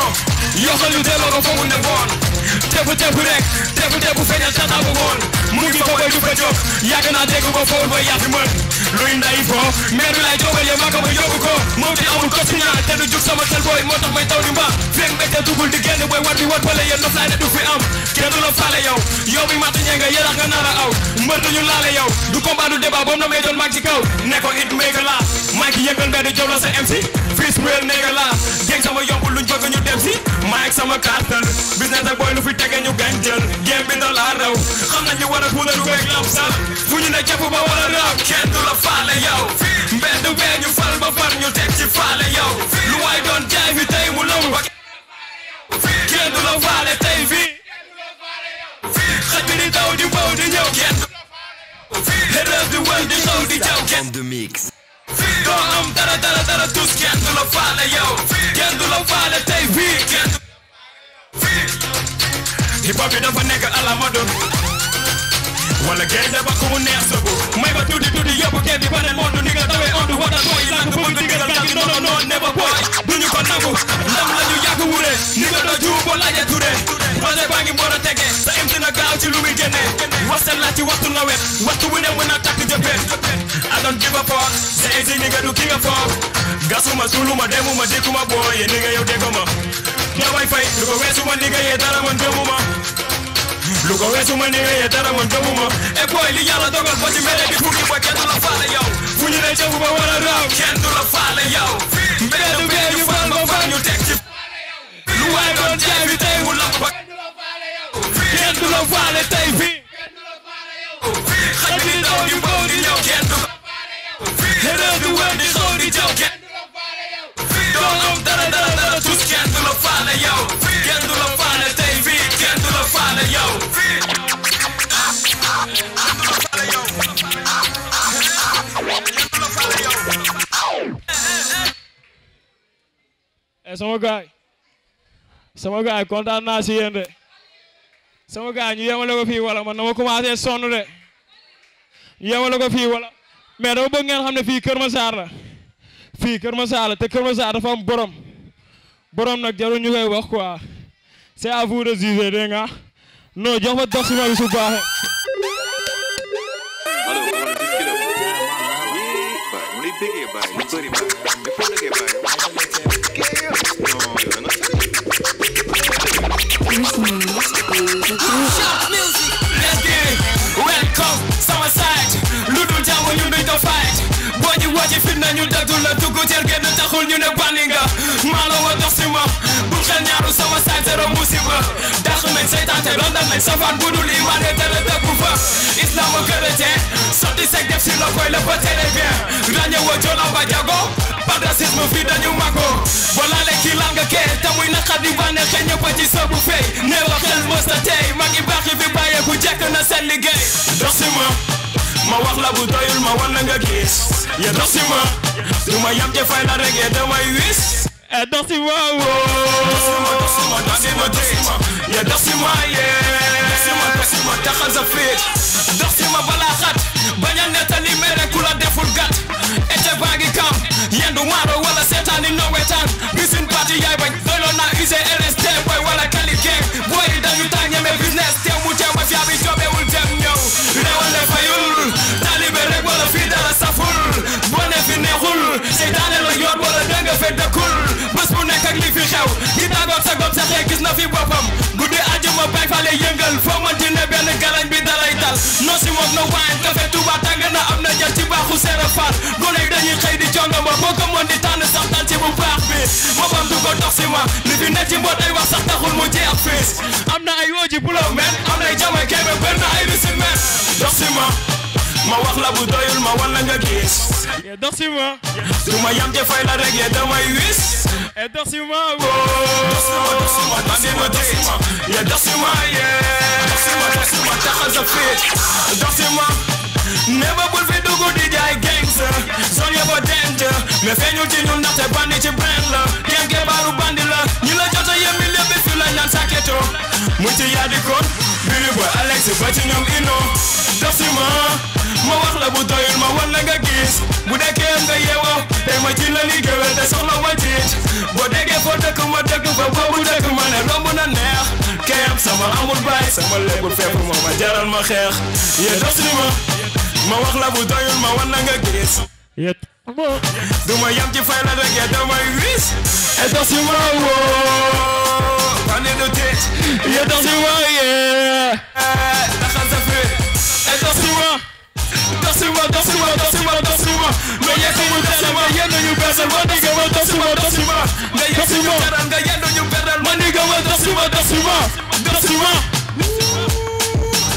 Yo soy Ludelo, no pongo un demonio. tebu tebu rek tebu tebu feeñal tata bu woon mu ngi fa bay du fa jóg yàgg naa dégg ko foofu bay yàgg mën luy nday foo meeru lay jógal yee maa ko ma yóbbu ko moom di amul ko si ñaar te du jug sama sel booy moo tax may taw di mbaa feeg mbégte dugul di génn booy war di wat wala yéen nof laay ne du fi am kenn du la faale yow yow mi mat ñee nga yérax nga nar a aw mbër duñu laale yow du combat du débat boobu na may doon mag ci kaw ne ko it may nga laa maa ngi yëngal tege ñu gañ jël game bi doon laa raw xam nañu war a puudaru beeg lam sax fu ñu ne jàpp ba war a raw kenn du la faale yow mbedd bee ñu fal ba far ñu teg ci faale yow lu waay doon jaay fi tey mu lom ba kenn du la faale tey fii xaj bi di daw di baw di ñëw kenn erreur di wër di xaw di jaw kenn du mix doo am dara dara dara tus kenn du la faale yow kenn du la faale tey fii kenn du hip hop bi dafa nekk ala ma doon wala géej dafa ku mu neex sa bopp may ba tuddi tuddi yëpp kenn di baneen moom du ni nga tawee ondu wota booy a ko bëgg digal kan gi noonu noonu ne ba booy duñu ko nangu ndam la ñu yàgg wuree ni nga doo juu boo laajee turee projet baa ngi mboor a tegee sa im dina gaaw ci lu muy génnee wasal la ci waxtu nawet waxtu bu ne mën a takk jëfee I don't give a fuck sa isi nga du ki nga foog gasuma suluma demuma dikkuma booye ni nga yow dégguma da way fay lu ko weesu ma liggéeyee dara man jomuma lu ko weesu ma liggéeyee dara man jomuma e boy li yàlla dogal ba ci mbere di fukki ba kenn la faale yow fu ñu lay jëf ba war a raaw kenn la faale yow mbere du bee ñu faal ba faal ñu lu waay doon jaay bi tey mu la ba kenn du la faale tey fii doo am dara dara dara tus kenn la faale yow kenn du la faale tey fii kenn la faale yow eh, sama gaay sama gaay kontaan naa si yéen de sama gaay ñu yemale ko fii wala man dama commencé sonn de ñu yemale fii wala mais dama bëgg ngeen ne fii Kër Massar la fii Kër Massar la te Kër Massar dafa am borom borom wax quoi c'est à vous de juger nga jox ma dox su ci fitna ñu daggu la duggu jël kenn taxul ñu ne bànni nga maa la wa dox si ma bu xel ñaaru sama saay zéro musiba dàq nañ seytaante londal safaan bu dul imaane dara dëggu fa islam ak chrétien sotti sek def si lokoy la ba tere bien wa joola ba jago par racisme fii dañu màggo wala le kii lan nga kee te muy naqar di bànne xëy ñëpp ci soobu fay nee wa xel mos na tey mag i baax yi fi bàyyee bu jekk na seen liggéey dox si ma ma wax la bu doyul ma wan nga gis ya dox si ma du ma yam ci fayda rek ya damay wis ya dox si ma woo dox ya dox ma yee ma dox si ma ma balaa xat bañ a nettali mere deful gàtt ete baa kam yendu maaro wala seetaani no wetaan bisin yaay bañ doyloon naa UGRST boy wala kali keek booy dañu taa ñeme dëkkul bés bu nekk ak li fi xew ñi tàggoog sa gom saxee gis na fi boppam guddi àjjuma bay fale yëngal foo mënti ne benn galañ bi dalay dal non si moom na waaye café Touba tàng na am na jël ci baaxu seera faat gone yi dañuy xëy di jongama boo ko mën di tànn ci bu baax bi boppam du ko li fi ne ci ay wax sax taxul mu jeex am na ay wooji bu la mel am nay jamay kebe bër na ay risi mel dox ma wax la bu ma wala la nga gis. Eh, doxima. du ma yam te fay la rek yéen damay wis. Eh, moi oh, woo. moi doxima doxima. yéen doxima moi doxima doxima taxal never fi gangster. a danger. Me feeñul ci ñun ndaxte bandi ci benn la. kenn kebaaru bandi la. ñu la jotta saketo mu ci yaadi kon biri ba Alex ba ci ino dox ma ma la bu doyul ma wan nga gis bu dekkee nga yeewoo te ma ci la liggéey wel te soxla wàccit boo déggee foo dëkk ma dëkk fa boobu dëkk ma ne romb na neex kayam sama amul baay sama léebul fepp moo ma jaral ma xeex yee dox ma ma la bu doyul ma wan la nga gis duma yam ci fay la rek yee damay wis et dox woo down in the ditch. You don't see what, yeah. La race a fait. Elle danse souvent. Danse souvent, danse souvent, danse souvent, danse souvent. Mais y'a qui nous perd avant, y'a nous perd avant, nigga, ouais, danse souvent, danse souvent. Mais y'a qui nous perd avant, y'a nous perd avant, nigga, ouais, danse souvent, danse souvent, danse souvent.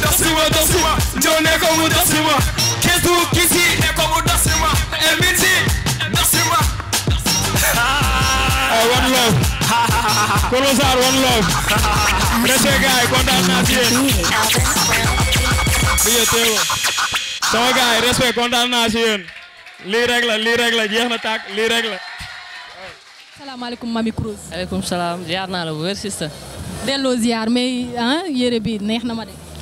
Danse souvent, danse souvent. John est comme danse souvent. Qu'est-ce que tu dis? Est comme danse souvent. Et midi, danse souvent. Ah, one love. Kolo Sarr one love. Monsieur gars kontaan naa si yéen. lii teewa. sama gars respect kontaan naa si yéen. lii rek la lii rek la jeex na tàkk lii rek la. salaam ziar naa ah, la bu wér sista. delloo ziar mais yére bi neex na ma de.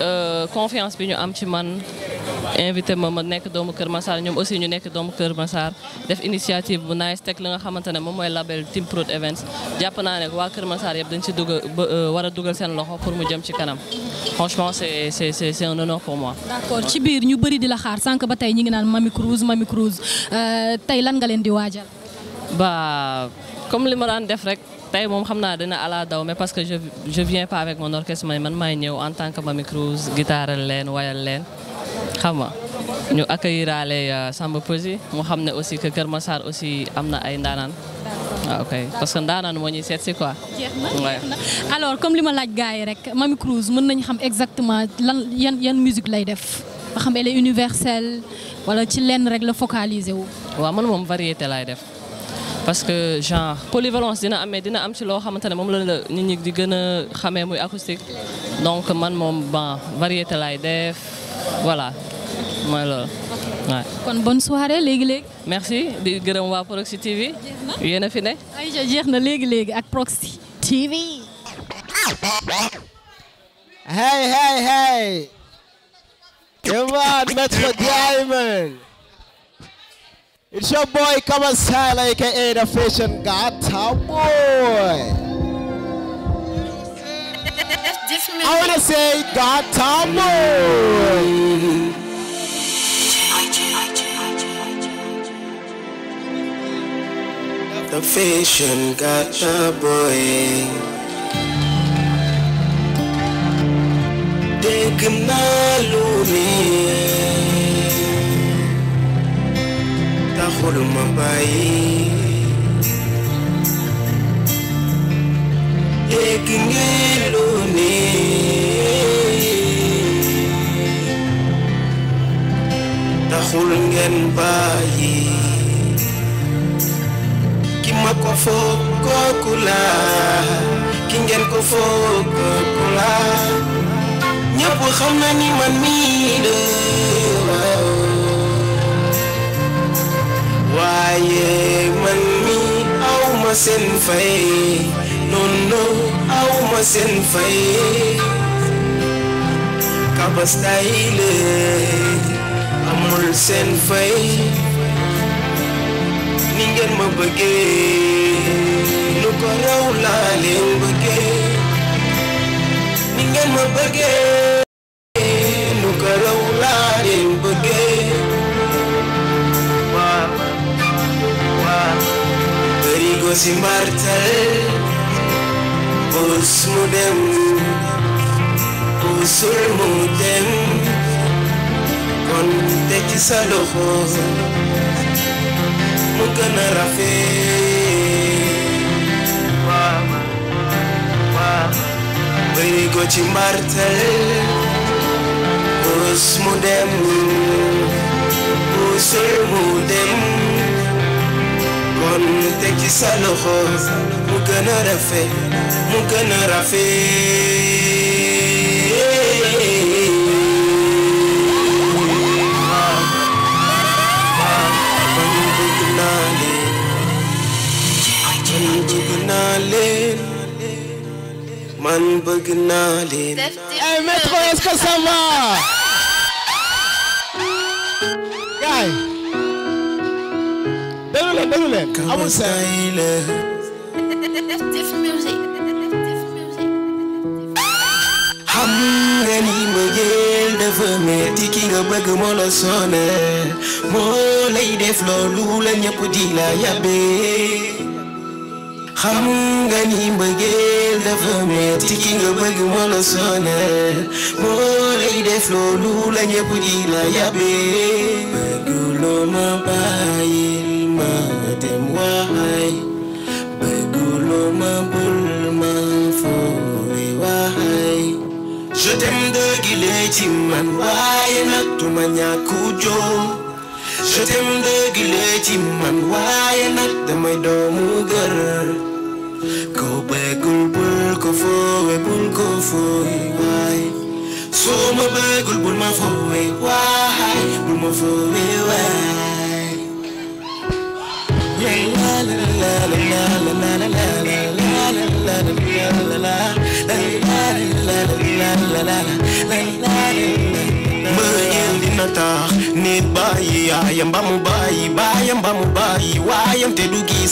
Euh, confiance bi ñu am ci man invité moom ma nekk doomu Kër Massar ñoom aussi ñu nekk doomu Kër Massar def initiative bu nice teg li nga xamante ne moom mooy label Team Prod Events jàpp naa ne waa Kër Massar yëpp dañ ci dugal ba euh, war a dugal seen loxo pour mu jëm ci kanam franchement c'est c'est c'est c'est un honneur pour moi. d'accord ci biir ñu bëri di la xaar sànq ba tey ñu ngi naan Mamy Cruz Mamy Cruz euh, tey lan nga leen di waajal. ba comme li ma daan def rek. tay mom xamna dina ala daw mais parce que je je viens pas avec mon orchestre man man maay en tant que mami Cruz guitare len wayal len xam nga ñu accueilliraale euh, Samba posi. mu xam aussi que Kër Massar aussi amna ay ndanan ah, ok parce que ndanan mo ñi seet quoi. alors comme lima laaj gars rek mami Cruz mën nañ xam exactement lan yan yan musique lay def. ba xam elle est universelle wala ci len rek la focaliser wu. wa man mom variété lay def parce que genre polyvalence dina suis dina am ci acoustique donc man suis ban variété la def voilà bonne soirée légui merci di Proxy TV. fi Proxy TV. hey hey hey. come on, diamond. It's your boy Kamasala, aka the Fashion God. How boy? I wanna say God boy? The fashion got the boy. Take me. taxul ma bàyyi léegi ngeen lu ne taxul ngeen bàyyi ki ma ko foog kooku laa ki ngeen ko foog kooku laa ñëpp xam na ni man mii la aye man mi aw ma seen fay No, no, aw ma seen fay Kaba Style amul seen fay ni ma bëggee lu ko raw laa leen bëggee ni ma bëggee was immortal Osmudem Osulmudem Kon te ci sa loxo mu gën a rafet Waama waama Bëri ko ci mbartal Osmudem Osulmudem wan teki saloko mugana rafe mugana rafe Man bëgg naa leen. Ahmed Khoyes Kasama. déglu leen amul seen xam nga ni ma jël dafa metti ki nga bëgg moo la sonné moo def loolu la ñëpp di la yàbbe xam nga ni ma jël dafa metti ki nga bëgg moo la sonné moo def loolu la ñëpp di la yàbbe bëgg loo ma bàyyi ma dem wahai Begulu ma bul ma fori wahai Je t'aime de gileti man wai na tumanya kujo Je t'aime de gileti man wai na damai domu gar Ko begul bul ko fowe bul ko fowe wai So ma begul bul ma fowe wahai Bul ma fowe wai nit bàyyi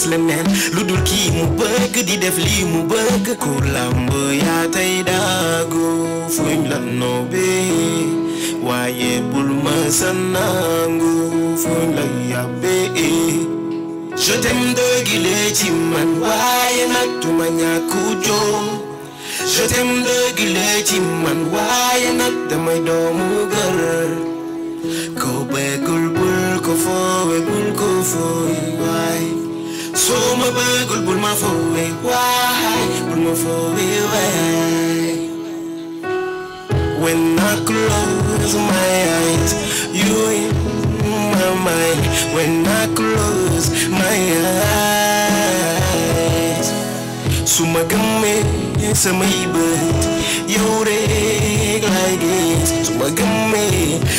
la la Shote mdogi lechi man waye na tumanya kujo Shote mdogi lechi man waye na tamaido mugar Kobe gulbul kofo we bul kofo why? So my be gulbul ma my we why? bul ma fo we wai When I close my eyes you in mind when I close my eyes. Sumagame is a maybird, your egg like it. Sumagame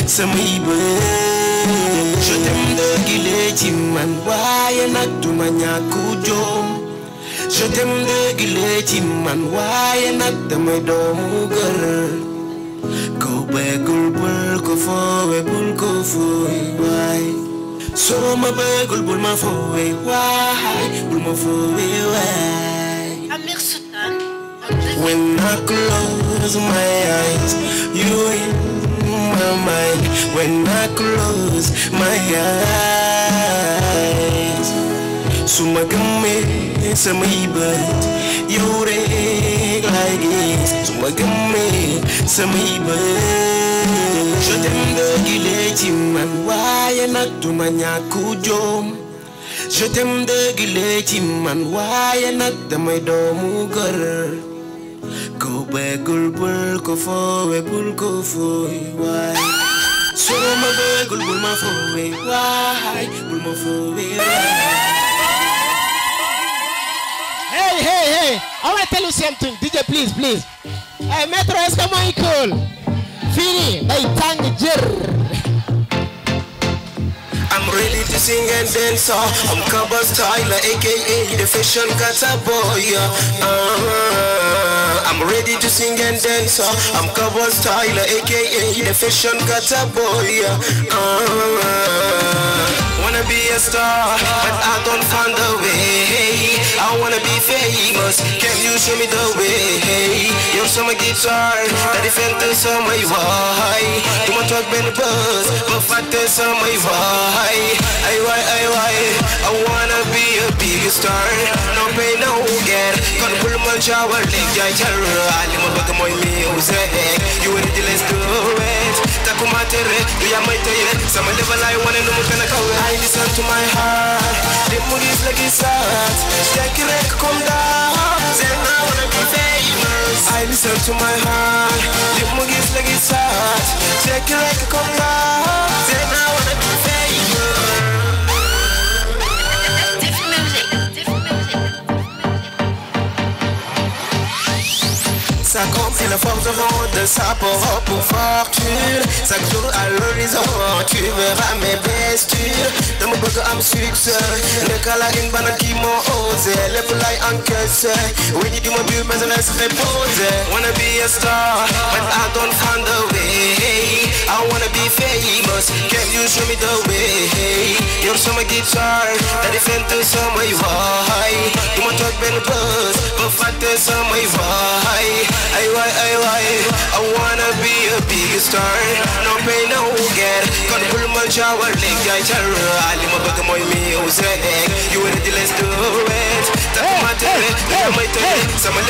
is a maybird. Je t'aime de guillet, man, why not to manyakujom? Je t'aime de guillet, man, why not the maidom girl? Kobekul pul kofowe pul kofowe wai So mabekul pul mafowe wai Pul mafowe wai Amir Sultan When I close my eyes You in my mind When I close my eyes So my sa may bite يوريك لايقيس سوى قمري سمي Shotem de gileti man waye natumanya kujom Shotem the gileti man waye natamay domu gar Ko be gulbul ko fo we bul ko fo waye So ma be gulbul ma fo we waye bul ma fo we Why? Hey, hey, hey. I want to tell you something. DJ, please, please. Hey, Metro Esco Michael. Fini, by Tangier. I'm ready to sing and dance. Uh. I'm Cabas Tyler, aka the fashion cutter boy. Uh, I'm ready to sing and dance. Uh. I'm Cabas Tyler, aka the fashion cutter boy. Uh, wanna be a star, but I don't find the way. I wanna be famous, can you show me the way? You're so my guitar, that na-defender sa may wahay. Tumatwag ben bus, mafate sa my wahay. I why, I why, I wanna be a big star. No pay, no get, kan bulman siya walig, yayar. Alim mo baga my music, you ready, let's do it duya Sama I kawe I listen to my heart The mood is like it's hot Take it, come down Then I wanna be famous I listen to my heart The mood is like it's hot Take it, come down Then I wanna be famous ça compte, c'est de sa pauvre pour fortune Chaque jour à l'horizon, tu verras mes bestures Dama bëgg am succès nekk la une banane qui m'a osé Lépp lay encaissé Oui, ni du ma but, mais je laisse reposer Wanna be a star, but I don't find the way I wanna be famous, can you show me the way You're so my guitar, That is da di fentu samay waay Du ma toog benn bës, ba fàtte samay waay life I wanna be a big star No pain, no get Kan bulma jawa link jai charra Ali mabaka moy mi usek You ready, let's do it i eh? am when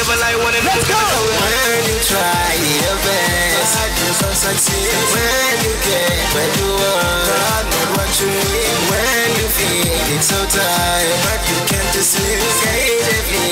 you try your best, I just do succeed. When you get what you want, I'm not what you need. When you feel it's so tired, but you can't just sleep. Say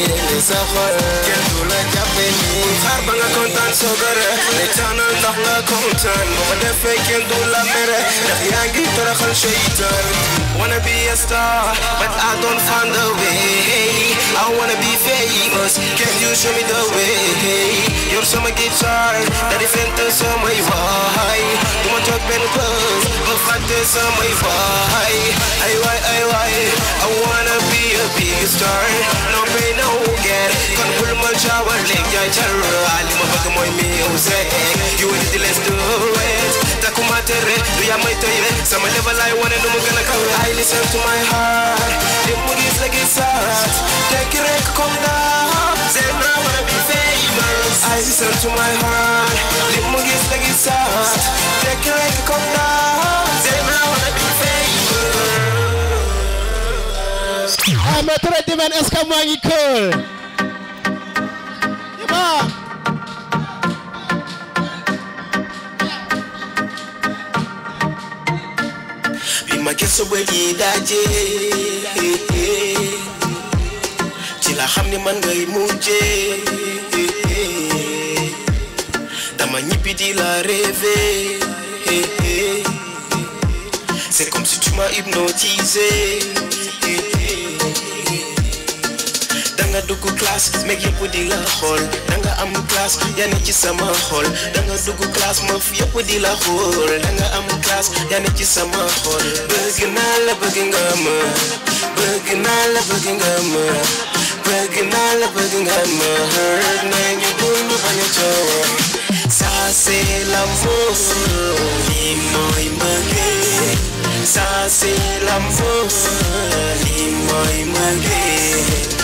a horror. Can't do like that, baby. Har banga kontan so gara, ne chana ndax nga kontan. Mo fa def fay kenn du la mere, ndax yaa ngi taraxal Wanna be a star, but I don't find the way. I wanna be famous, can you show me the way? You're Your summer guitar, that is enter summer why? You want to be close, but factor summer why? I why I why? I wanna be a big star, no pain, no get. Can't pull my shower, leg your terror. I'm a bag my music. You ain't the less to it. Takuma, Takumatere, do ya my toy? Some level I wanna know, gonna come. I listen to my heart The mood is like it's hot Take it, come down Say I wanna be famous I listen to my heart The mood is like it's hot Take it, come down Say I wanna be famous I'm a threat man, ask him why call. Yeah, makiso ba ji daje ci la xam ne man ngay mujje dama ñibbi di la rêvé c'est comme si tu m'as hypnotisé da nga dugg classe meeg yëpp di la xool da nga am classe yaa ne ci sama hole. da nga dugg classe moof yëpp di la hole. da nga am classe yaa ne ci sama hole. bëgg naa la bëgg nga ma bëgg naa la bëgg nga ma bëgg naa la bëgg nga ma hurt nañu bul ñu bañ a coow ça c'est l'amour lii mooy mbëggeel ça c'est l'amour lii mooy mbëggeel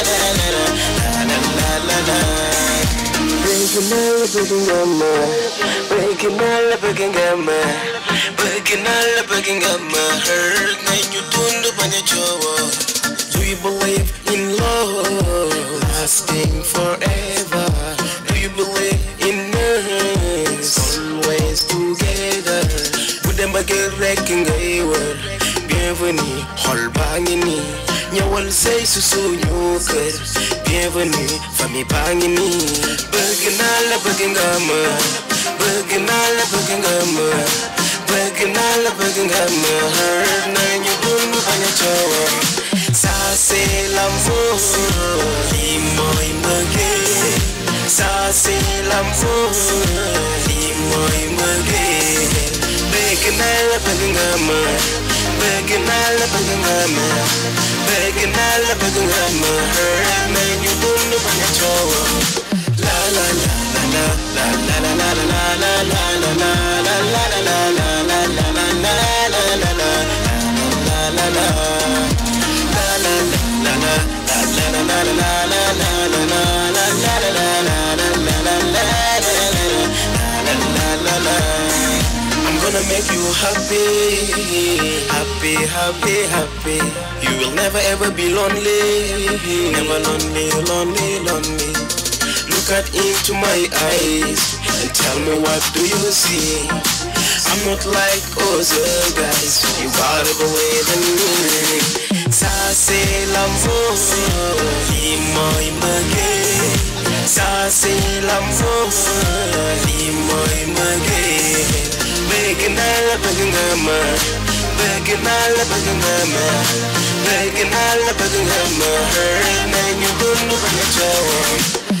Breaking all up again, gamma. Breaking Do you believe in love lasting forever? Do you believe in us always together? Budem bagay wrecking gaywar. Bienvenue, holbangini. Nyawal say susu nyuker. Bienvenue, fami bangini. bugün gamı Bugün hala bugün gamı Bugün hala bugün gamı Her nang yubun banyak cowok Sa selam fu Limoy mege Sa selam fu Limoy mege Bugün hala bugün gamı Bugün hala bugün gamı Bugün hala bugün gamı Her nang yubun banyak cowok la la la make you happy, happy, happy, happy. You will never ever be lonely, never lonely, lonely, lonely. right into my eyes and tell me what do you see? I'm not like other guys, you got it away than me. Ta sẽ làm vô vì mọi mơ ghê Ta sẽ làm vô vì mọi mơ ghê Về cái này là bằng ngờ mơ Về cái này là bằng ngờ mơ Về cái là bằng ngờ mơ Hãy subscribe cho kênh Ghiền Mì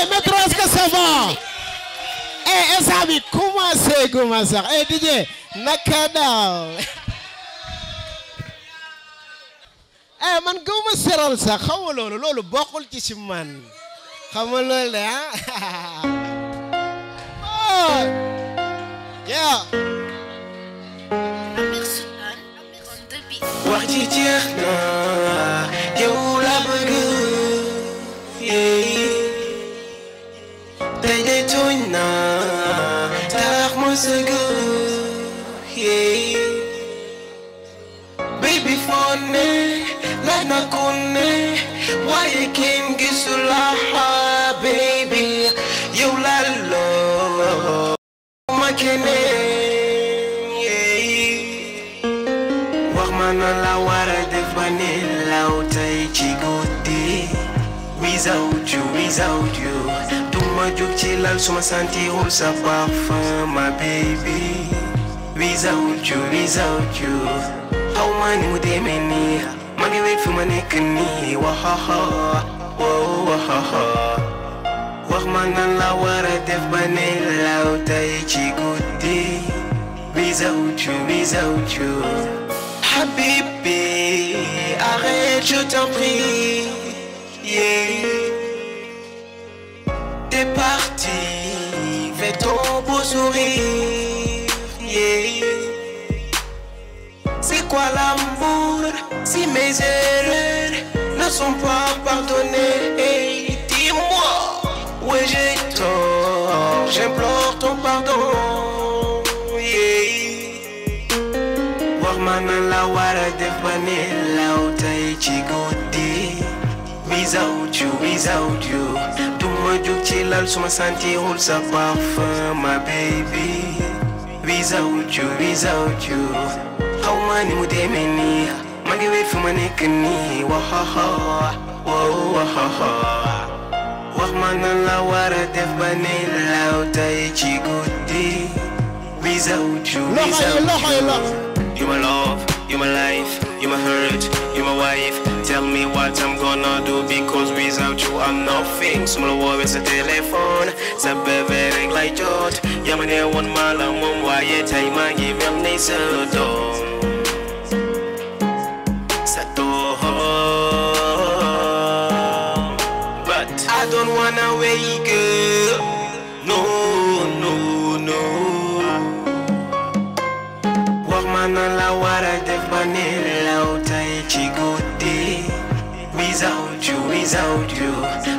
eh maîtresse que ça va eh instant bi commencé commencé eh, eh DJ naka daal *laughs* eh man gaw ma seral sax xaw ma loolu loolu bokkul ci si man xam nga loolu de ah *laughs* oh. yeah. wax ji jeex na yow laa bëgg Baby for me, Dark months ago, yeah. Why you came baby? You lalo, makene. Wagmana la wara de Without you, without you ma jug sa parfum ma baby without you without you xaw ma ni mu demee nii ma ngi wéet fi ma nekk nii wahaha wow wahaha wax ma nan la war def ba ne law tey ci guddi without you without you habibi arrête je t'en prie yeah pourquoi l'amour, si mes erreurs ne sont pas pardonnées Dis-moi, où j'ai tort, j'implore ton pardon. Warmana la wara defane la ota ichigodi e Without you, without you Duma juk chilal suma santi roule sa parfum, my baby Without you, without you for my هواني ودايماني ما جبت في مناكني وهاها وهاها وهمنا لورا تفبني لو تايتشي جودي without you without you You're my love, you my life, you my hurt, you my wife tell me what I'm gonna do because without you I'm nothing. Small war is a telephone, a baby like George. Young man, one malam, one wire, time I give him this uh, door. I don't wanna wake up. without you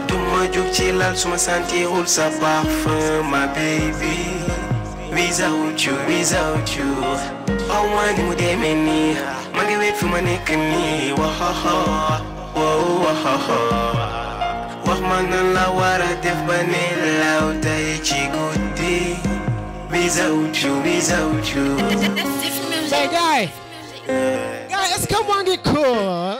duma jug ci lal suma sentirul sa parfum my baby without you without you aw ma ni mu demee nii ma ngi wéet fu ma nekk nii wahaha wow wahaha wax ma nan la war a def ba ne law tey ci guddi without you without you. Hey guy, guys, come on, get cool.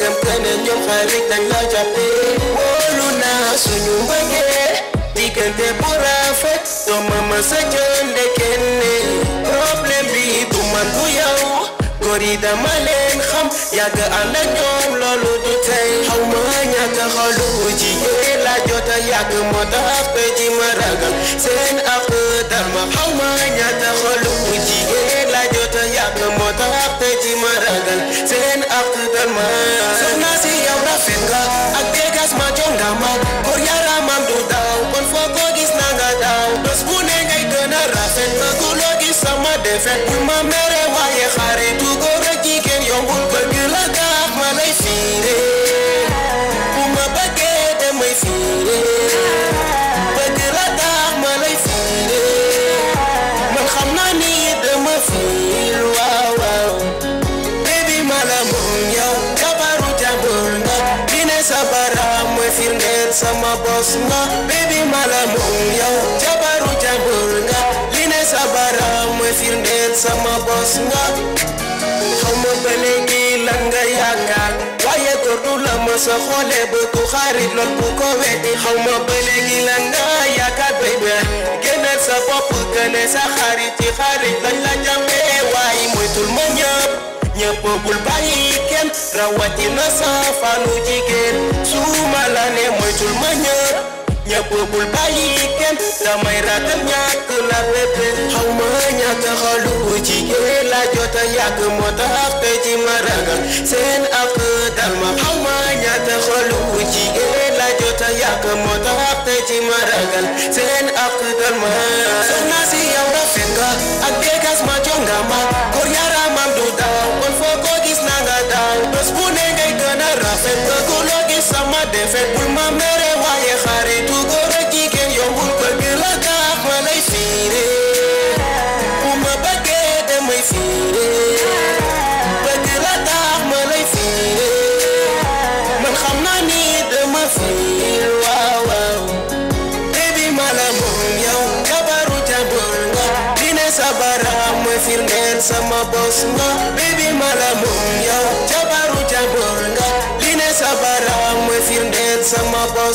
gëm que ne ñoom xarit dañ la jàppee wóolu naa suñu mbëggeel diggante bu rafet doo ma ma sa jonde kenn problème bi du man du yow góor yi dama leen xam yàgg ànd ak ñoom loolu du tey xaw ma ñàkk xolu jigéen la jota yàgg moo tax te ji ma ragal seen ab dal ma xaw ma ñàkk xolu jigéen la jota yàgg moo tax te ji ma ragal seen ab dal ma sos nga mala moom yow jabaru jabur nga li ne sa baram mooy firndeel sama bos nga xawma ba léegi lan nga yaakaar waaye la mës a xoole bëggu xarit lool bu ko xawma ba léegi lan nga yaakaar baby génneel sa bopp gëne sa xarit xarit la jàmbee waaye moytul ma ñëpp ñëpp bul bàyyi kenn rawatina safaanu jigéen su ma la ne moytul ma ñëpp ñëpp bul bàyyi kenn damay ragal ñàkk la bébé xaw ma ñàkk xalu jigéen la jot a yàgg moo tax te ji ma ragal seen ak dal ma xaw ma ñàkk xalu jigéen la jot a moo tax te ji ma ragal seen ak dal ma soxna si yow rafet nga ak dégas ma jonga ma góor yaramam du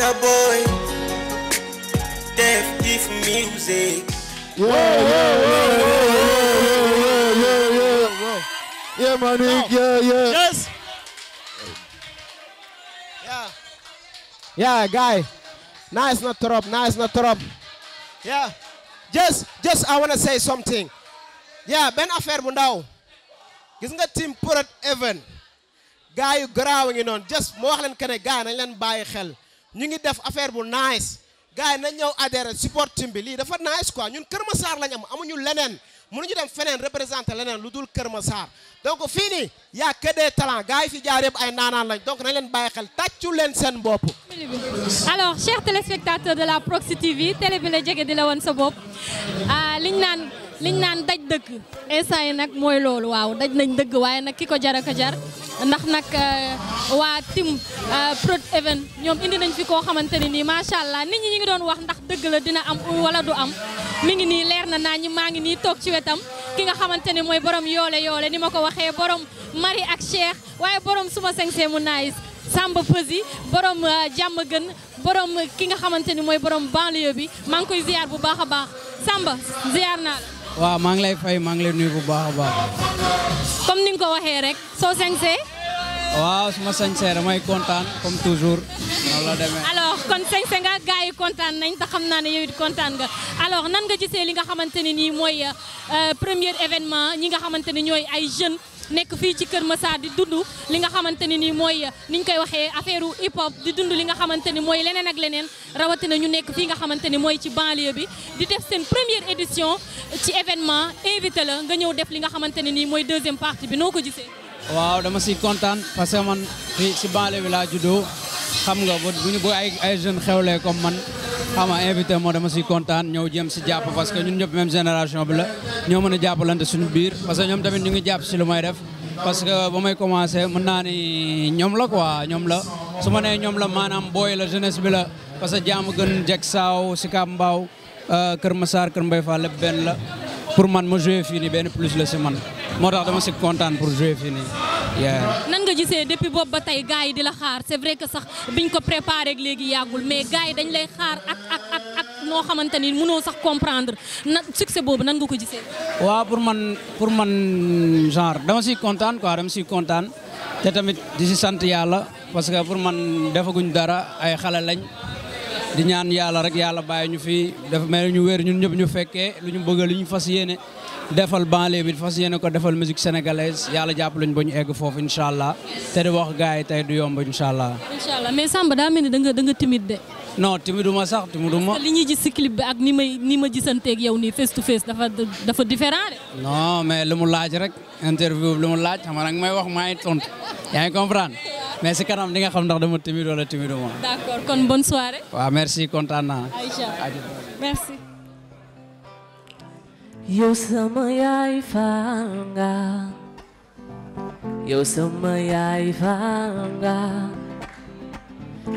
ghetto boy. Deaf if music. Yeah, yeah, yeah, yeah, yeah, yeah, yeah. Yeah, my nigga, yeah, yeah. Yes. Yeah. Yeah, guy. Nice not drop, nice not drop. Yeah. Just, just I want to say something. Yeah, Ben Affair Mundao. Isn't nga team Prod Even gars yu you know. just moo wax leen que ne gars nañ leen bàyyi xel ñu ngi def affaire bu nice gars na nañ ñëw adhéré support team bi lii dafa nice quoi ñun Kër Massar lañ am amuñu leneen mënuñu dem feneen représenté leneen lu dul Kër Massar donc fii nii y'a que des talents gars yi fi jaar yëpp ay naanaan lañ donc nañ leen bàyyi xel tàccu leen seen bopp. alors chers téléspectateurs de la Proxi TV télé bi la jege di la woon sa bopp ah, liñ naan. liñ naan daj dëgg instant yi nag mooy loolu waaw daj nañ dëgg waaye nag ki ko jar ko jar ndax nag euh, waa team euh, Prod Even ñoom indi nañ fi koo xamante ne nii macha allah ni ñi ñu ngi doon wax ndax dëgg la dina am wala du am mi ngi nii leer na naa ñi maa ngi nii toog ci wetam ki nga xamante ne mooy borom yoole yoole ni ma ko waxee borom Marie ak Cheikh waaye borom suma sensee mu naayis Samba Pësi borom euh, jàmm gën borom ki nga xamante ni mooy borom banlieue bi maa ngi koy ziar bu baax a baax Samba waaw maa ngi lay fay maa ngi lay nuyu bu baax a baax. comme ni nga ko waxee rek soo sañsee. waaw su ma sañsee damay kontaan comme toujours. noonu la demee alors kon sañse nga gars yi kontaan nañ te xam naa ne yow kontaan nga alors nan nga gisee li nga xamante ne nii mooy euh, premier événement ñi nga xamante ne ñooy ay jeunes. nekk fii ci Kër Massar di dund li nga xamante ni nii mooy ni ñu koy waxee affaire hip hop di dund li nga xamante ni mooy leneen ak leneen rawatina ñu nekk fii nga xamante ni mooy ci banlieue bi di def seen première édition ci événement invité la nga ñëw def li nga xamante ne nii mooy deuxième partie bi noo ko gisee. waaw dama si kontaan parce que man fii si banlieue bi laa juddoo. xam nga bu bu ay ay jeunes xewlee comme man xam nga invité moo dama si kontaan ñëw jëm si jàpp parce que ñun ñëpp même génération bi la ñoo mën a jàppalante suñu biir parce que ñoom tamit ñu ngi jàpp si lu may def parce que ba may commencé mën naa ni ñoom la quoi ñoom la su ma nee ñoom la maanaam booy la jeunesse bi la parce que jaamu gën jek saaw si Kaam Mbaaw euh, Kër Massar Kër Mbaye Fall lépp benn la pour man ma joué fii i benn plus la si man. moo tax dama si kontaan pour jouer fii nii. nan nga gisee depuis boobu ba tey gars yi di la xaar c'est vrai que sax biñ ko préparé ak léegi yàggul mais gars yi dañ lay xaar ak ak ak noo xamante ni mënoo sax comprendre na succès boobu nan nga ko gisee. waaw pour man pour man genre dama si kontaan quoi si kontaan te tamit di si sant yàlla parce que pour man defaguñ dara ay xale lañ. di ñaan yàlla rek yàlla bàyyi ñu fi dafa mel ñu wér ñun ñëpp ñu fekkee lu ñu bëgg lu ñu fas yéene defal banlieue bi fas yéene ko defal musique sénégalaise yàlla jàppaluñ ba ñu egg foofu incha allah te di wax gars yi tey du yomb incha allah. mais Samba daa mel ni da nga da nga timide de. non timiduma sax timiduma. li ñuy gis ci clip bi ak ni may ni ma gisanteeg yow nii face to face dafa dafa différent de. non mais lu mu laaj rek interview bi lu mu laaj xam nga wax maa ngi tontu yaa ngi comprendre mais si kanam di nga xam ndax dama timide wala timiduma. d'accord kon bonne soirée. waaw merci kontaan naa. Aïcha yow sama yaay faal nga yaay faal nga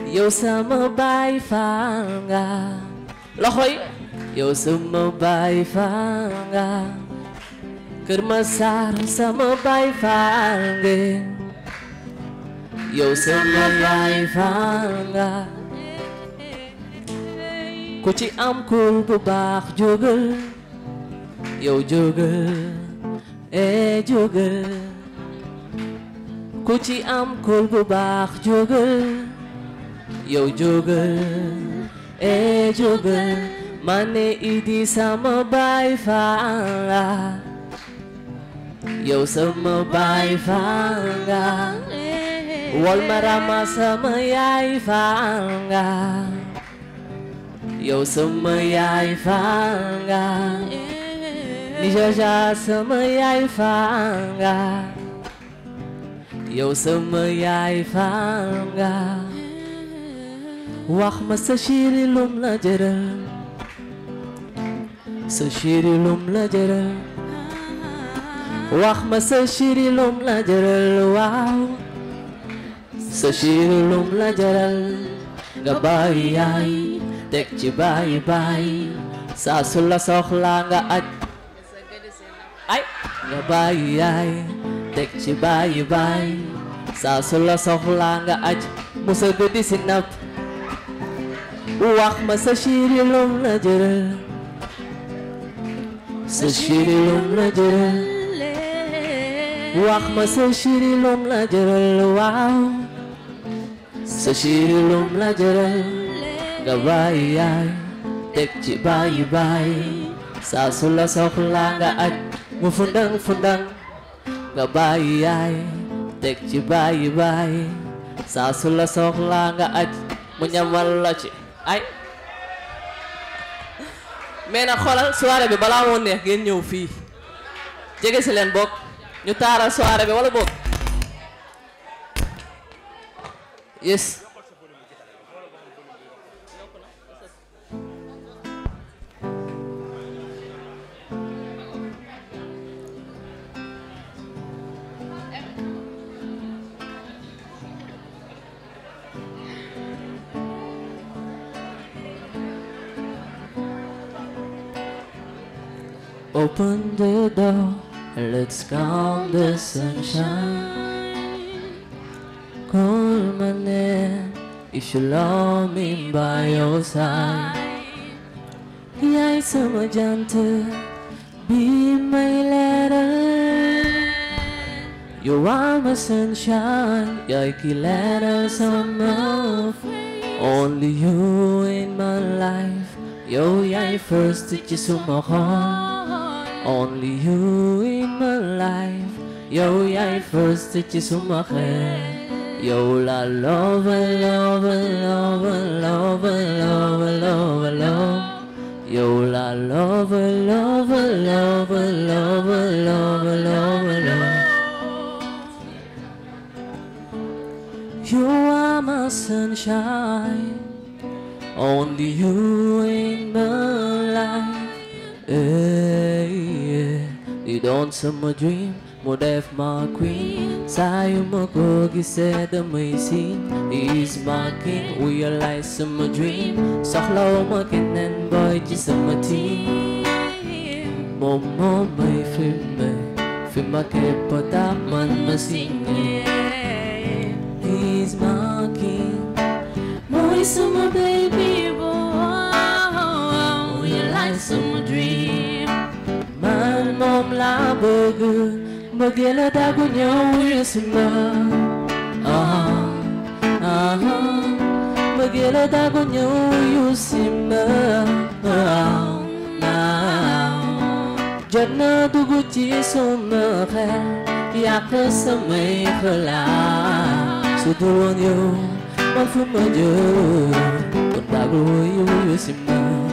yow sama baay faal nga loxo yi yow sama baay faal nga Kër Masar sama baay am kul bu baax jógal yow jógal ee jógal ku ci am kóol bu baax jógal yow jógal ee jógal man ne Idi sama baay faal la yow sama baay faal nga wol ma rama sama yaay faal nga yow sama yaay faal nga ni jaja sama yaay e faal nga yow sama yaay e faal nga wax ma sa chéri lum la jëral sa chéri lum wax ma sa chéri lum la jëral nga bàyyi yaay ci bàyyi bàyyi saa su la nga aj bàyyi yaay teg ci bàyyi baay saa su la soxlaa nga aj musa ga di si napp wax ma sa chéri lum la jëral sa chéri lum la jëral wax ma sa chéri lum la jëral waaw sa chéri lum la jëral nga bàyyi yaay teg ci bàyyi baay saa su la soxlaa nga aj mufundang-fundang nggak bayai tek ci bayi bayi sasula sohla nggak aj menyamal ci ay mena xolal soirée bi balaa ya, moo neex ngeen ñëw fii jege si leen bokk ñu taaral soirée bi wala yes Open the door, let's count the sunshine. Call my name if you love me by your side. Yai sama gentle, be my letter. You are my sunshine, yai ki letter summer. Only you in my life, yo yai first to you my heart. Only you in my life Yo, jij you je zomaar Yo, la love, love, love, love, love, love, love Yo, la love, love, love, love, love, love, love You are my sunshine Only you in my life hey. You don't see my dream, more deaf my queen. Say Sayuma kogi said the amazing. Is my king, we are like summer dream. So Soklo my kin and boy just my team. Momo my film me, eh. film my kepota man my sing. Eh. He's my king. Boy summer baby boy, oh, oh, oh. we are like summer dream. mom la bëgg bëgg la dagu ñëw wisu la ah ah bëgg la dagu ñëw wisu la ah ah jot na dugg ci suma xel yàq samay xalaat su dul woon yow man fu ma jëm kon dagu yow wisu la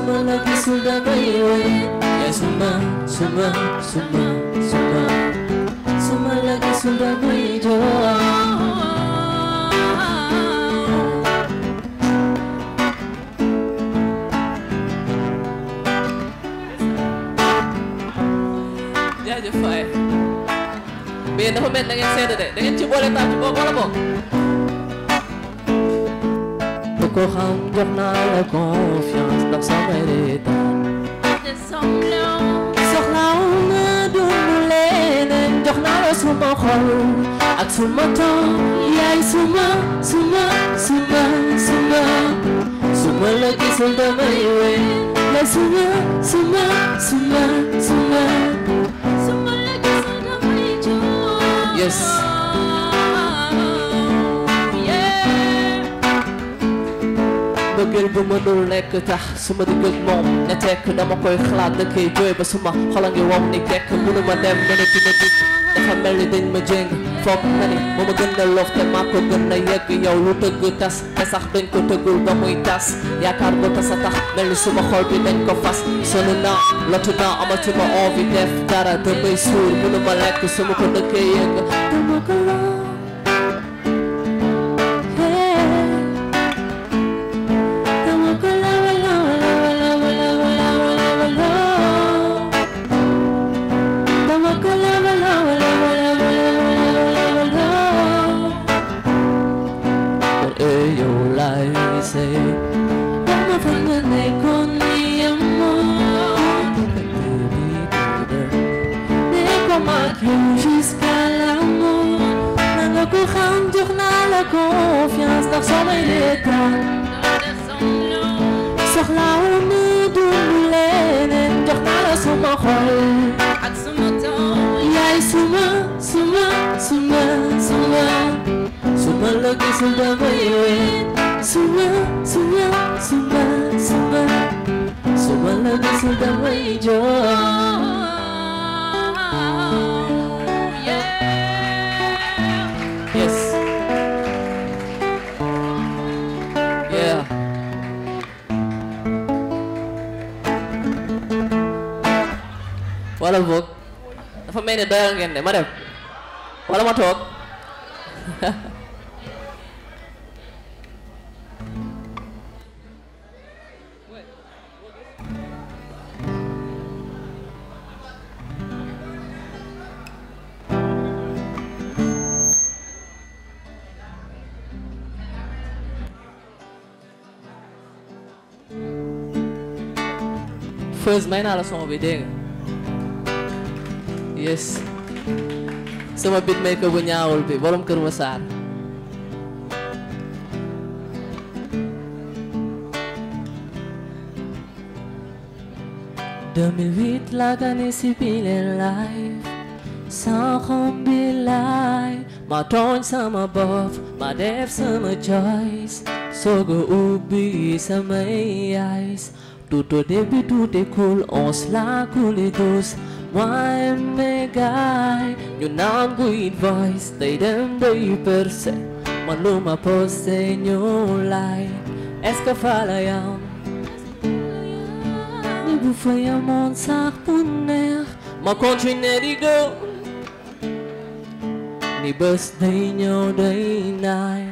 Sumba lagi sudah bayu Ya sumba, sumba, sumba, sumba Sumba lagi sudah bayu Jadi fai Biar dah pemen dengan saya tadi Dengan cuba boleh tak cuba kau lapok ham rendre la confiance job's already done. The song suma At suma suma, suma, suma, suma. Suma lagi sulta maywe. Lay suma, suma, suma, suma. Suma lagi sulta Yes. mbëggeel bu mënul nekk tax suma diggag moom ne tekk dama koy xalaat da ba a ngi wom ni tekk mënuma dem mënatuma dikk ni dañ ma jéng foog na ni moo ma gën a loof ko gën a yegg yow lu tëgg tas te sax dañ ko tëggul ba muy tas yaakaar bu a tax mel ni suma xol bi dañ ko fas sonn naa lotu naa amatuma envie def dara damay suur mënuma lekk su ko dëkkee yëng mãe na som beding. Yes. Sama beatmaker bu ñaawul bi borom Kër Massar. Deux mille huit la gane si bileen laay sans xam bi laay ma tooñ sama bopp ma def sama choice eyes Tout au début, tout est cool, on se la coule tous Moi mes gars, nous voice, they dem de se. Moi ma pose de est-ce que fala ça? Ni bouffe on continue pas go. Ni bus de day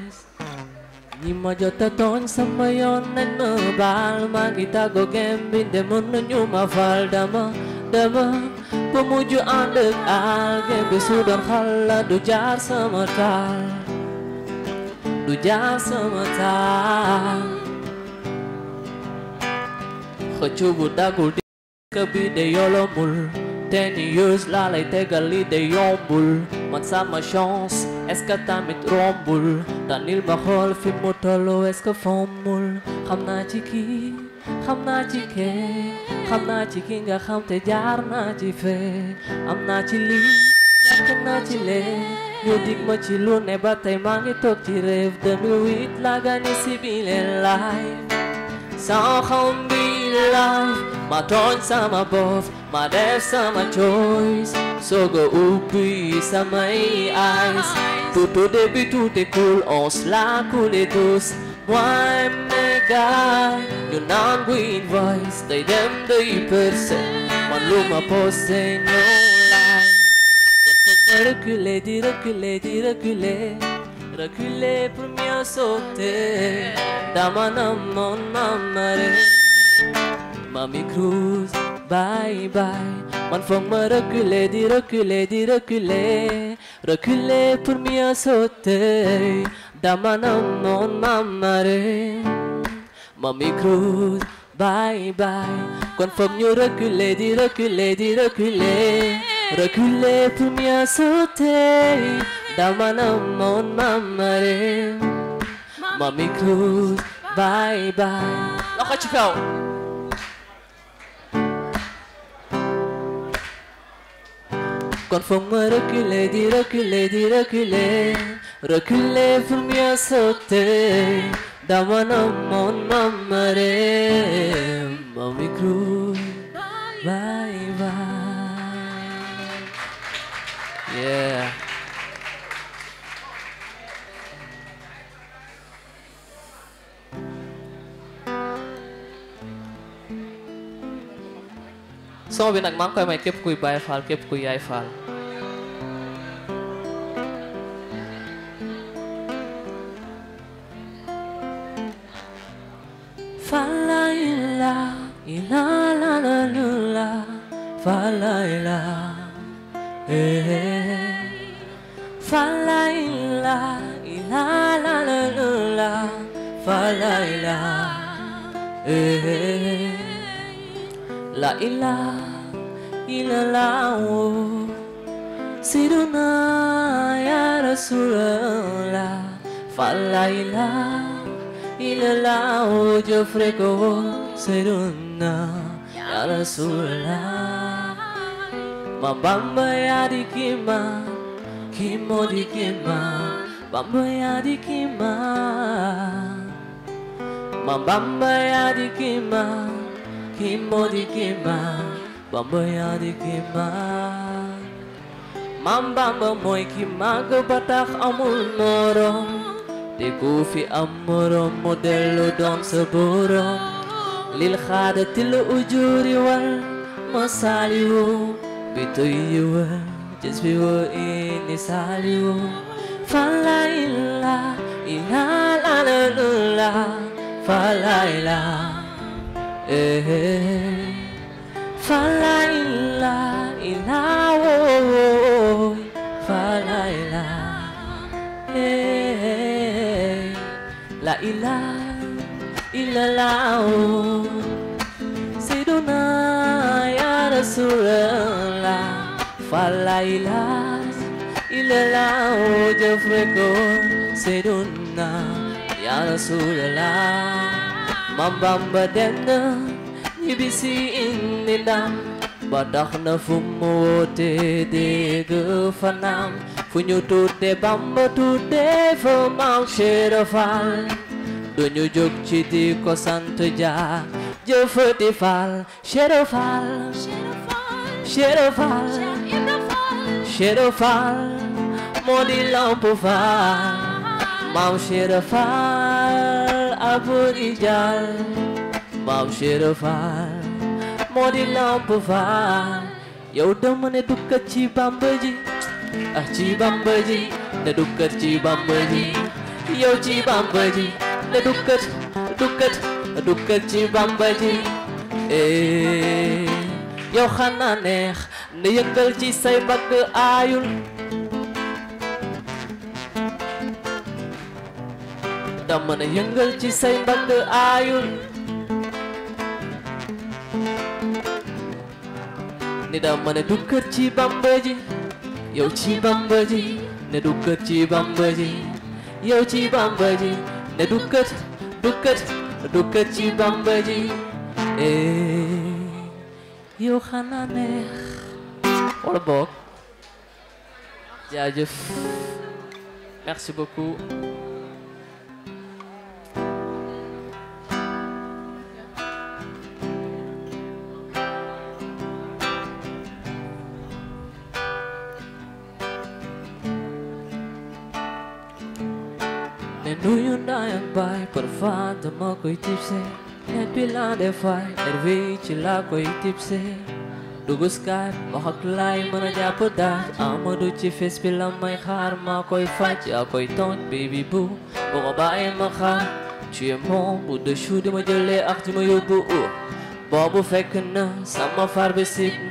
Nimajotatoon sa mayon bal mabal Makita ko gambin demono ma fal Dama, dama Pumujo ang dagal Gambi sudang hala Dujar sa matal Dujar sa matal Хочу вода година Каби да йоломур tenieuse laa lay tegali de yombul man sama chance est-ce que tamit rombul tanil ma xool fi mu tollu est-ce xam naa ci kii xam naa ci kee xam naa ci kii nga xam te jaar naa ci fee am naa ci lii ñàkk naa ci lee ñu dig ci lu ne tey maa toog ci rêve 2008 la gagné si bi leen live Somehow be life, my torn some above, my death some my choice. So go upi some my eyes. To to de be to de cool on slack cool dos. Why me guy? You non green voice, they them the person. My luma post no lie. Recule, recule, recule. Reculer pour mieux sauter dans mon Mami Cruz, bye bye Man faut me di dis di dis reculer Reculer pour mieux sauter dans Mami Cruz, bye bye Quand faut mieux reculer, dis reculer, dis reculer Reculer pour mieux Damanam on mamare mami Cruz, bye bye Look at you go. Conforme recule, di recule, di recule Recule pour mieux sauter Dans mon homme, mon mamaré Mon micro, bye bye Yeah son i nag man ngi may képp kuy Baay Faal képp kuy Yaay Faal Mamba ya dikima Mamba di ya dikima di dikima Mamba ya dikima Mamba mba moi kima amul morong Di gufi amurong Modelo dong seburong Lil khada tilu ujuri wal Masali wu Bitu iwe Jizbi ini saliu. 啦啦啦，啦啦啦啦啦，啦啦啦，哎，啦啦啦，啦啦哦，啦啦啦，哎，啦啦，啦啦哦，谁都能来一首歌啦，啦啦啦。إلا وجفركون سيدنا يا رسول الله من بمبدنا نبسي إننا بدخنا فموت ديغ فنام فنيو توتي بامبا توتي فمام شرفال دنيو جوك چيدي كو سانتجا جفتي فال شرفال شرفال شرفال شرفال moo di lamp faal maam Cheikh Faal abu rijal maam Cheikh Faal moo di lamp faal yow dama ne ci bamba ci bamba ji ne ci bamba ji ci bamba ji ne dukkat ci bamba ji eh yow xanaa neex ne yëngal ci say mbagg aayul dama na yëngal ci say mbagg aayul ni dama ne ci bamba ji yow ci bamba ji ne ci bamba ji ci bamba ji ne duggal duggal ci bamba ji eh yow xanaa jaajëf merci beaucoup nuyu ndaa yak baay parfois dama koy tipse net bi laa defaay nerve yi ci laa koy tipse dugg Skype wax ak mën a jàpp daaj Amadou ci fes bi la may xaar maa koy faj yaa koy tooñ baby bu bu ma bàyyi ma xaar tu es mon bout de ma jëlee ak di ma yóbbu boobu fekk na sama far bi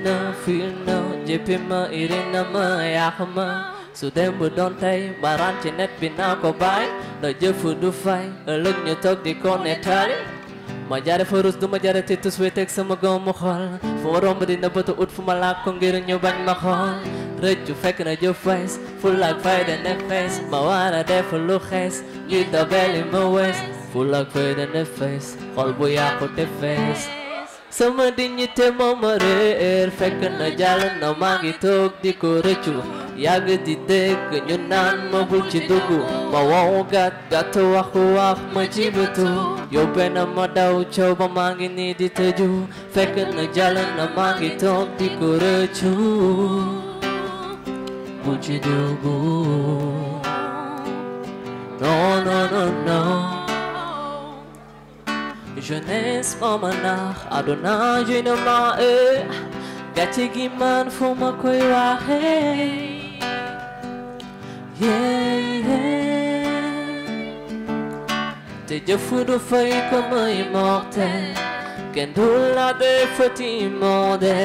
na fiir na jëppi ma iri na ma yàq ma Dù đêm mùa đón thay Bà ran trên nét Việt Nam có bái Đời dơ phù đu phai Ở lực nhiều tóc thì con nét thái Majare forus du majare titus wetek sama gomo khol Forum bedi na boto ut fumalak kongiru nyobang makhol Reju fek na jo face Full like fire and the face Mawara de full face Lita belly mo west Full like fire and the face Kol buya ko te face sama dignité moom ma réer na jàll na maa ngi di ko rëccu yàgg di dégg ñu naan ma bul ci dugg ma wow wax ma ci bëtu yóbbe na ma daw coow ba maa ngi di tëju na jàll na maa ngi di ko rëccu bul ci no. no no no jeunesse moo ma nax aduna jënd ma ee gàcce gi man fu ma koy waxe te jëf du fay comme immortel kenn du la def ti monde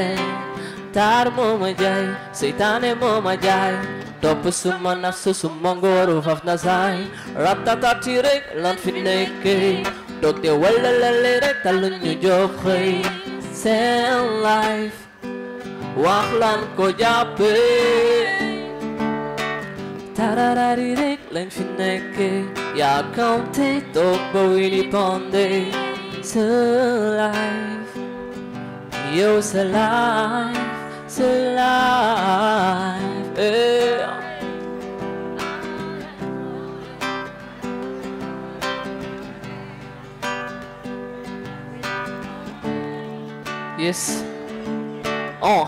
taar moo ma jaay seytaane moo ma jaay topp suma nafsu suma ngóoru faf na saay rab tataati rek lan fi nekkee Dokter wala la lere talun ñu jof xey seen life wax lan ko jàppe tararari rek lañ fi nekke yaa kawte toog ba wili ponde sa life yow sa life sa life eh. yes. Oh,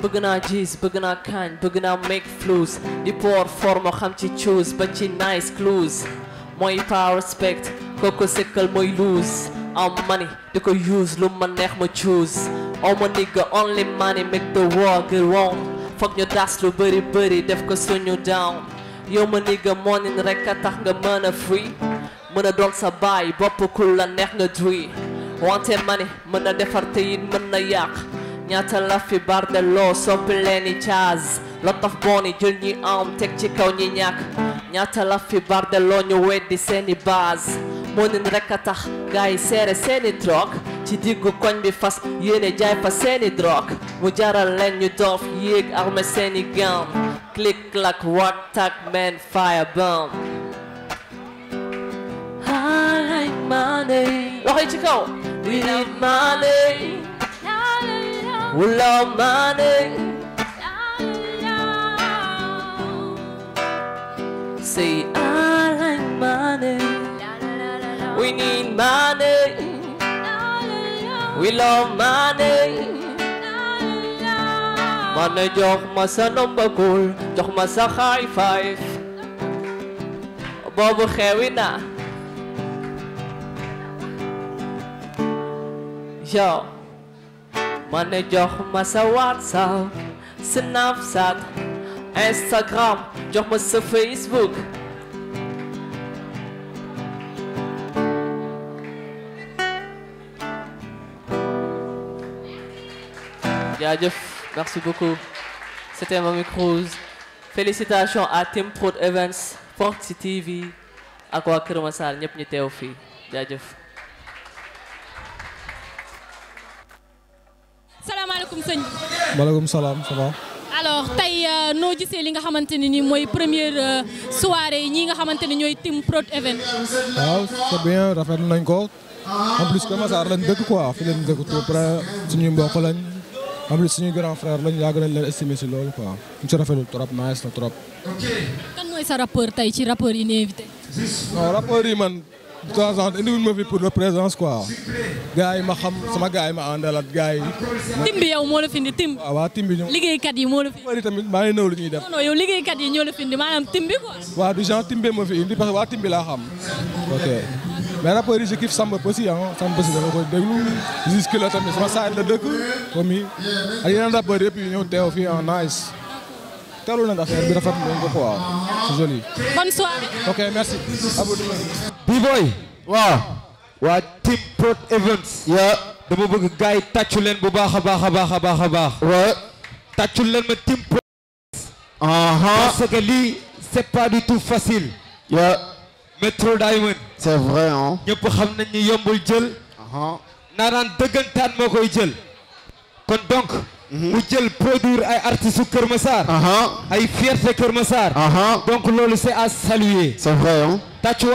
bëgg naa gis bëgg naa kañ make flus. di pour forme xam ci choose but ci nice clues mooy power respect coco sëkkal mooy lose Our money di ko use lu ma choose oh my nigga only money make the world go wrong your ñu das lu bëri bëri def ko you down Yo my nigga morning rek a tax free mën don't sabai, baay bopp kul la neex wante mani mën na defar te it mën na yàq ñaata la fi bardeloo soppi leen i caas lotof bon jël ñi am teg ci kaw ñi ñàkk ñaata la fi bardeloo ñu weddi seeni base moo nin rek a tax gars yi seere seeni drogue ci diggu koñ bi fas yéene jaay fa seeni drogue mu jaral leen ñu doof yéeg arme seeni gam click lakk what tak man fire bomb I ci kaw We love money. We love money. Say, I like money. We need money. We love money. Money jok masa number goal, jok masa high five. Bobo Kevina. yo jox instagram facebook merci beaucoup c'était Mami Cruz félicitations à Team Prod Events Fort TV à quoi que salaamaaleykum sëñ bi. maaleykum salaam ça va. alors tey euh, noo gisee li nga xamante ne nii mooy première euh, soirée ñii nga xamante ne ñooy team prod event. waaw c'est bien rafet nañ ko en plus que Massar lañ dëkk quoi fi leen dëkk tout près suñuy mbokk lañ en plus suñuy grand frère lañ yàgg nañ leen si loolu quoi ñu si rafetlu trop nice na trop. kan mooy sa rappeur tey ci rappeur yi ñu invité. yi man. de temps en temps indiwuñu ma fi pour la présence quoi gars ma xam sama gars yi ma àndalat gars yi. yow moo la fi indi tim. waa ah, waaw tim bi ñoom liggéeykat moo la fi. bëri maa ngi nëw lu ñuy def. non non yow liggéeykat yi ñoo la fi indi maanaam tim bi quoi. waaw du genre tim bee ma fi indi parce que waa tim bi laa xam. ok mais rappeurs yi je kiffe Samba Peuzzi ah Samba Peuzzi dama koy déglu. Ziz Killa tamit sama saa la dëkk comme yi ak yeneen rappeurs yëpp yu ñëw teew fii en ah, nice. Bonsoir c'est ok merci. B-boy. Events. c'est pas du tout facile. Metro Diamond. c'est vrai hein. donc. mu jël produire ay artistes Kër Massar. ay fierté Kër Massar. donc loolu c'est à saluer. c'est vrai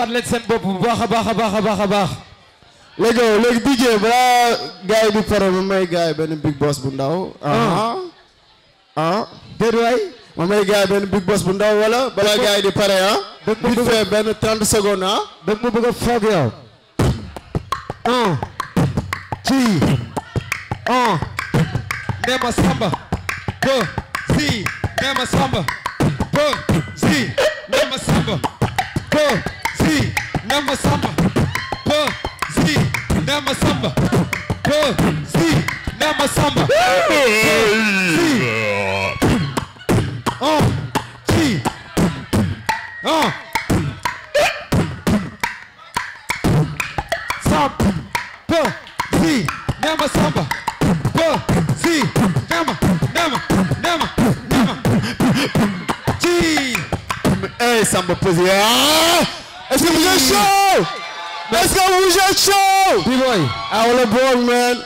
leen seen bopp baax a baax a baax a baax a baax. léegi léegi DJ ah. ah. balaa gars yi di pare ma may gars benn big boss bu ndaw. ah ah. benn big bu ndaw wala balaa gars di pare ah. dëgg ma benn 30 secondes ah. dëgg ma bëgg a foog yow. ci un. mesma samba, cozinha, mesma samba, cozinha, mesma samba, cozinha, mesma samba, cozinha, mesma samba, cozinha, mesma samba, cozinha. Oh, uh, gee, oh. Uh. Samba, cozinha, mesma samba. Hey, ça me pose. Hein? Est-ce que vous êtes chaud? Est-ce que vous êtes chaud? B-boy. I ah, le bon, man.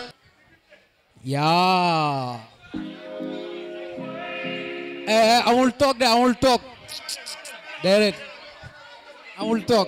Yeah. Hey, eh, I will talk there. I will talk. Direct. I will talk.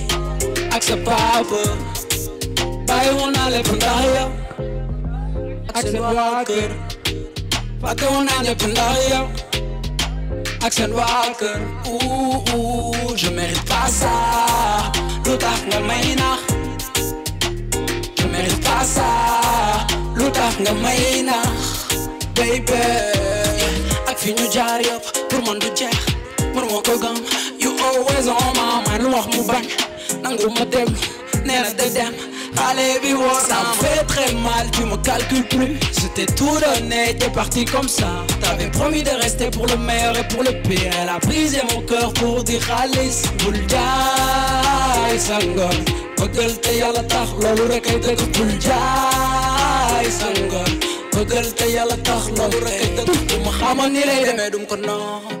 Aksa papa Baie wona le pandaya Aksan waker Pake wona le pandaya Aksan waker Ouh ouh Je mérite pas ça Lutak nga maina Je mérite pas ça Lutak nga maina Baby Ak fi ñu jaar yëpp pour man du jeex man moo ko gëm You always on my mind lu wax mu bang. nanguma dem nee de dem ale bi woo ça me fait très mal tu me calcules plus je t'ai tout donné t'es parti comme ça t'avais promis de rester pour le meilleur et pour le pire elle a brisé mon cœur pour dire xaalis bul jaay sa te yàlla tax loolu rek ay la bul jaay sa te yàlla tax loolu rek te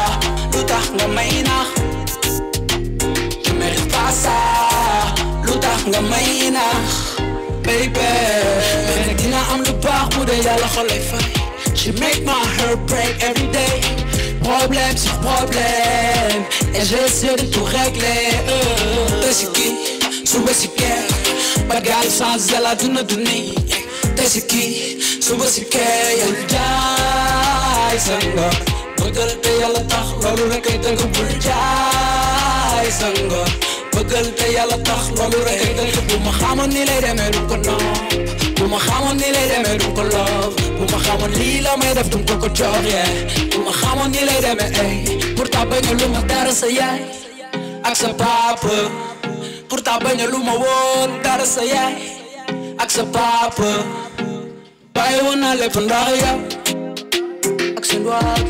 je mérite pas ça baby am she make my heart break every day problème sur problème et j'essaie de tout régler euh, T'es qui sous sans zela dina du nii bëggal te yàlla lalu loolu rek ay tënk bul jaay sa ngor bëggal te yàlla tax loolu rek ay tënk bu ma xamoon ni lay demee du ko noom bu ma xamoon ni lay demee du ko loof bu ma xamoon lii la may def dum ko ko coox yee bu ma xamoon ni lu ma dara sa papa pourtant bañ lu ma woon dara sa papa bàyyi woon naa lépp ndax yow ak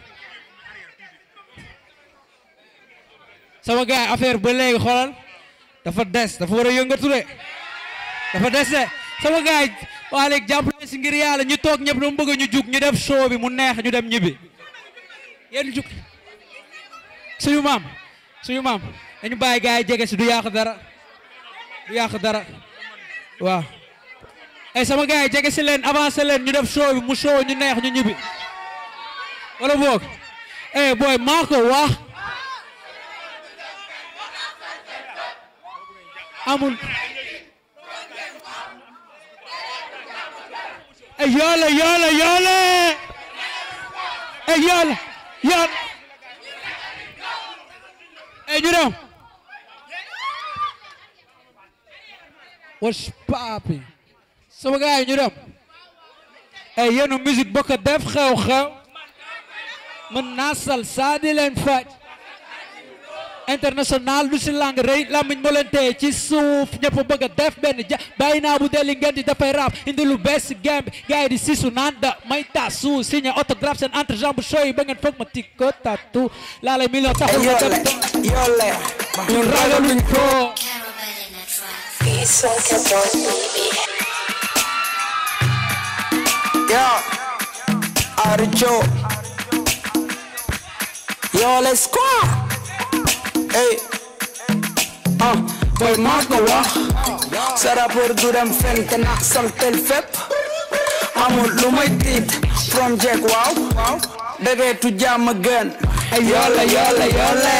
sama gars affaire ba léegi xoolal dafa des dafa war a yëngatu de dafa des de sama gars yi waa si ngir yàlla ñu toog ñëpp dama bëgg ñu jug ñu def show bi mu neex ñu dem ñibbi yéen jug suñu maam suñu maam dañu bàyyi gars yi si du yàq dara du yàq dara waaw ay eh, sama gars yi jege si leen avancé leen ñu def show bi mu show ñu neex ñu ñibbi wala boog eh booy maa ko امول يلا يلا يلا يلا يلا يلا وش بابي سو غاي نيرم اي ينو ميوزيك بوكا دفخه وخا من ناس السادي لين فاج international lu ci lang reey lamiñ mo leen tey ci souf ñepp bëgg def ben bayina bu deli ngeen di dafay rap indi lu bess gemb gaay di sisu nanda may ta tasu signé autograph sen entre jambes show yi ba ngeen fokk ma tikko tatu la lay million taxul ma dem eh, yolle ñun ragaluñ ko It's ko Yeah, Arjo. Yo, let's go. ey ah mooy maa ko wax ah. sa rapport du dem fen te na saltel fépp amul lu may tiit from Jack waaw dageetu jàmm gën ay yoole yoole yoole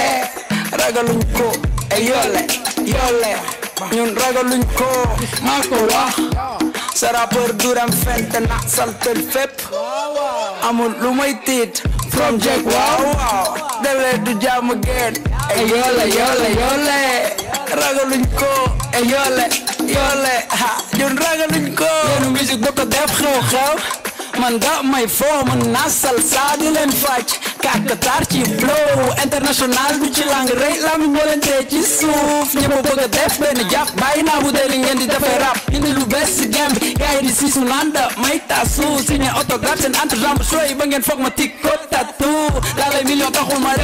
ragaluñ ko ay yoole yoole ñun ragaluñ ko maa ah. wax sa rapport du fen te na saltel fépp amul lu may tiit from Jack Wow dalee du jàmm geen e yoole yoole yoole ragaluñ ko e yoole yoole ha ñun ragaluñ ko yoonu musique bu ko def xew xew Man dat mij voor nasal, zadel en vatje Kijk het flow international beetje lang reed Laat me wel een tijdje soef Je moet ook het def ben Ja, bijna hoe de ring en die rap In de lubesse gambi Ga je die sis unanda Mij tasu Zing je autographs en Amsterdam Show je bengen fok met die kot tattoo Laat een miljoen toch om maar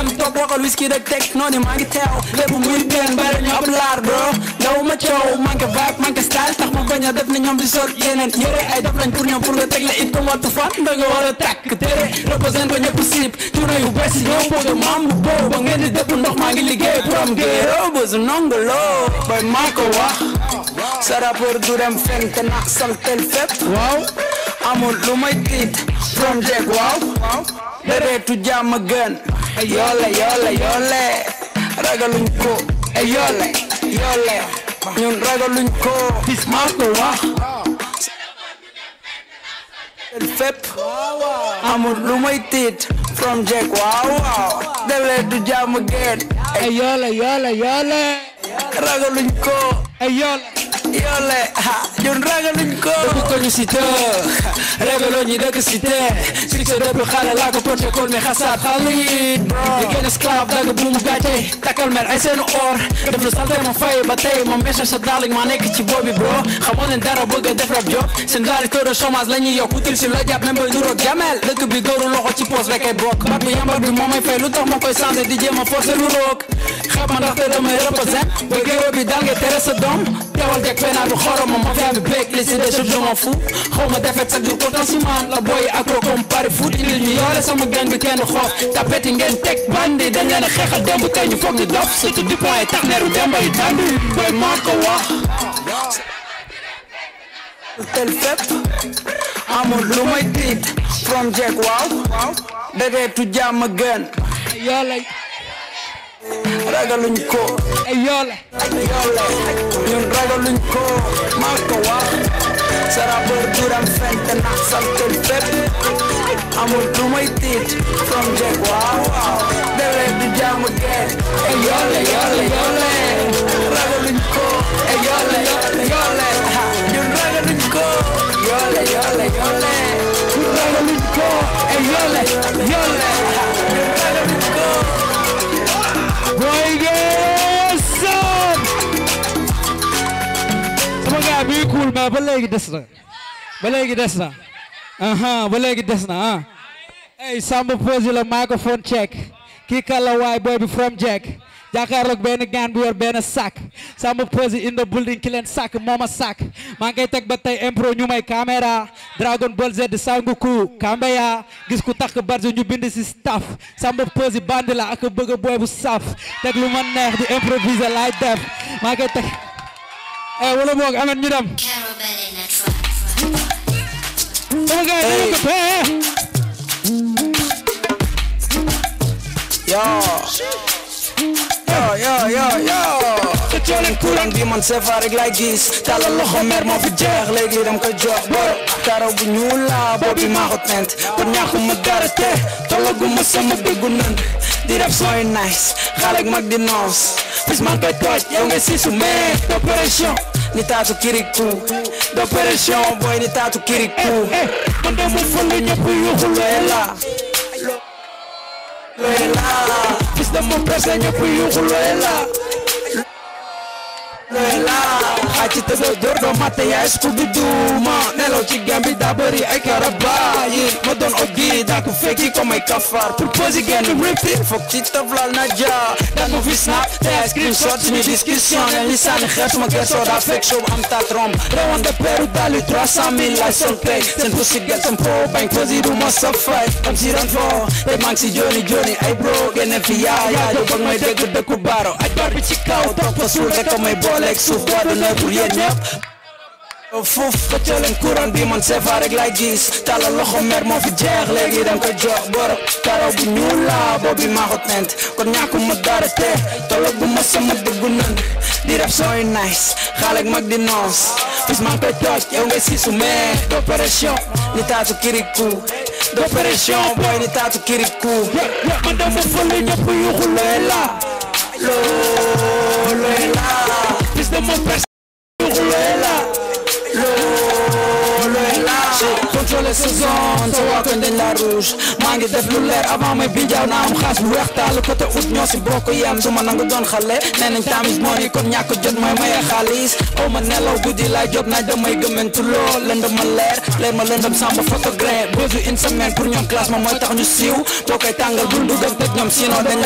whisky dat tek No die man getel Leef om wie ben Bij een oplar bro Low met jou Man ke vibe Man ke style Toch maar ben def Nen jom die soort jenen Jere ei def Len kurnyom Purge le it Kom wat de fuck da nga war a takk tere represent ba ñëpp sip tourné yu bees yow bëgg maam bu boo ba ngeen di dëpp ndox maa ngi liggéey pour am géero bës nongo loo bay maa ko wax fen te na saltel fépp waaw amul lu may tiit from jack waaw deretu jàmm gën yoole yoole yoole ragaluñ ko eh, yoole yoole ñun ragaluñ ko maa ko wax fépp amul lu may tiit from Jack waaw waaw dalee du jàmm geen yoole ha ñun ragaluñ ko dëgg ko ñu cité ragaloo ñu dëgg cité succès depuis xale laa ko porté kon mais xasaat xale yi di gën esclave dagg bu mu gàcce takkal mer ay seen or def lu salte ma fay ba tey ma message sa darling ma nekk ci boobi bro xamoon leen dara bëgg a def rab job seen daari taux de chômage la ñuy yokk util si la jàpp même bay nuroog jamel dëkk bi góoru loxo ci poos rekay bokk bat bu yambar bi moo may fay lu tax ma koy changé di jéem a forcé lu roog xeeb ma ndaxte damay représente ba géwél bi daal nga tere sa doom teewal pénal bu xoromam ma feeñ bi si des je m'en fous xaw ma defet sax du content si man la booy accro comme pari foot sama gang bi kenn xoof tapeti ngeen teg bandi dañ leen a xeexal démb tey ñu foog ñu dof tax neeru démba yi dandu booy maa ko wax tel fépp amul lu may tiit from Jack waaw dadeetu jàmm gën ragaluñ ko. ay yoole. ñun ragaluñ ko maa ko wax. Sarabor Biram fente na sant bépp. amul lu may tiit from Jack waaw waaw. déwén du jàmm gee. ay yoole yoole yoole. ragaluñ ko. ay yoole yoole yoole. ñun ragaluñ ko. yoole yoole yoole. ñun ragaluñ ko. ay yoole yoole. ñun ragaluñ ko. Boygas Son. sama gars bi cool mais ba léegi des na ba léegi des na aha ba léegi des na ah. hey Samba Peuzzi la microphone check kii kala waay boy bi from Jack. jàkkaarloog benn gaan bu yor sak. sac sama posi in the building kilen sak mama sak sac tek ngi koy teg impro ñu may camera Dragon Ball Z sanguku kambeya gis ku tak barjo ñu bind si staff sama posi bandi la ak bëgg a bu saf teg lu ma neex di improviser laay def maa tek eh wala bok amet ñu dem Yo. yo, yo, yo Kecuali kurang di man sefarik lagi Tala loho mer mo fi jeg Legi dam ka jog bor Taro bu nyula bobi ma hot tent Pernah aku medara teh Tolo gu masa mabigunan Di rap soy nice Galek mag di nos Pis man kai tot Yo ngai sisu me Operation Ni tatu kiriku D'operation boy ni tatu kiriku Manda mu fulu nyapu yuhu lo ela Lo ela Estamos de mon un la... hajitado doorka mataya isku biduuma nelowci gambi daabari ay kara baayin madan ogida ku feki komay kafar proposigeenu ripti fogtita vlalnaja dagmo fisna tea screenshots ni discussion am khetuma kesoda fekshow amtatrom the peru dali trasamil laisolpey sen kusigelsan probain koziduma safay amsiran fo ay mangsi joni joni ay bro genefiya yadobagmay degdekubaro ay barbichikao tokfasulrekomay bo booleeg suuf bois de neuf pour yéen ñëpp foof ka ca leen courant bi man seefa rek lay gis loxo mer moo fi jeex léegi danga ko jox borom karaw bu ñuul laa boobu maa ko tent kon ñàkkuma dara te tolo bu ma sama dëggu nan di rap sooy nice xaale mag di noos bis maa ngi koy tooj yow ngay siisu mais d'opération ni taatu kiriku d'opération booy ni taatu kiriku ma dama fële ñëpp yuxu looy la loo looy la Wisdom of Press. Lo, lo, lo, contrôler sa zone sa waa koñ dañ la rouge maa ngi def lu leer avant may binjaaw naa am xaas bu weex taal côté août ñoo si bokk yem su ma nangu doon xale nee nañ tamis moo kon ñàkk jot mooy maye xaalis aw ma nelaw guddi laay jot naaj damay gëmmentu lool lëndëm ma leer leer ma lëndëm sàmba photogré bésu une semaine pour ñoom classement mooy tax ñu siiw boo koy tàngal bul dugg ak tëj ñoom sinon dañ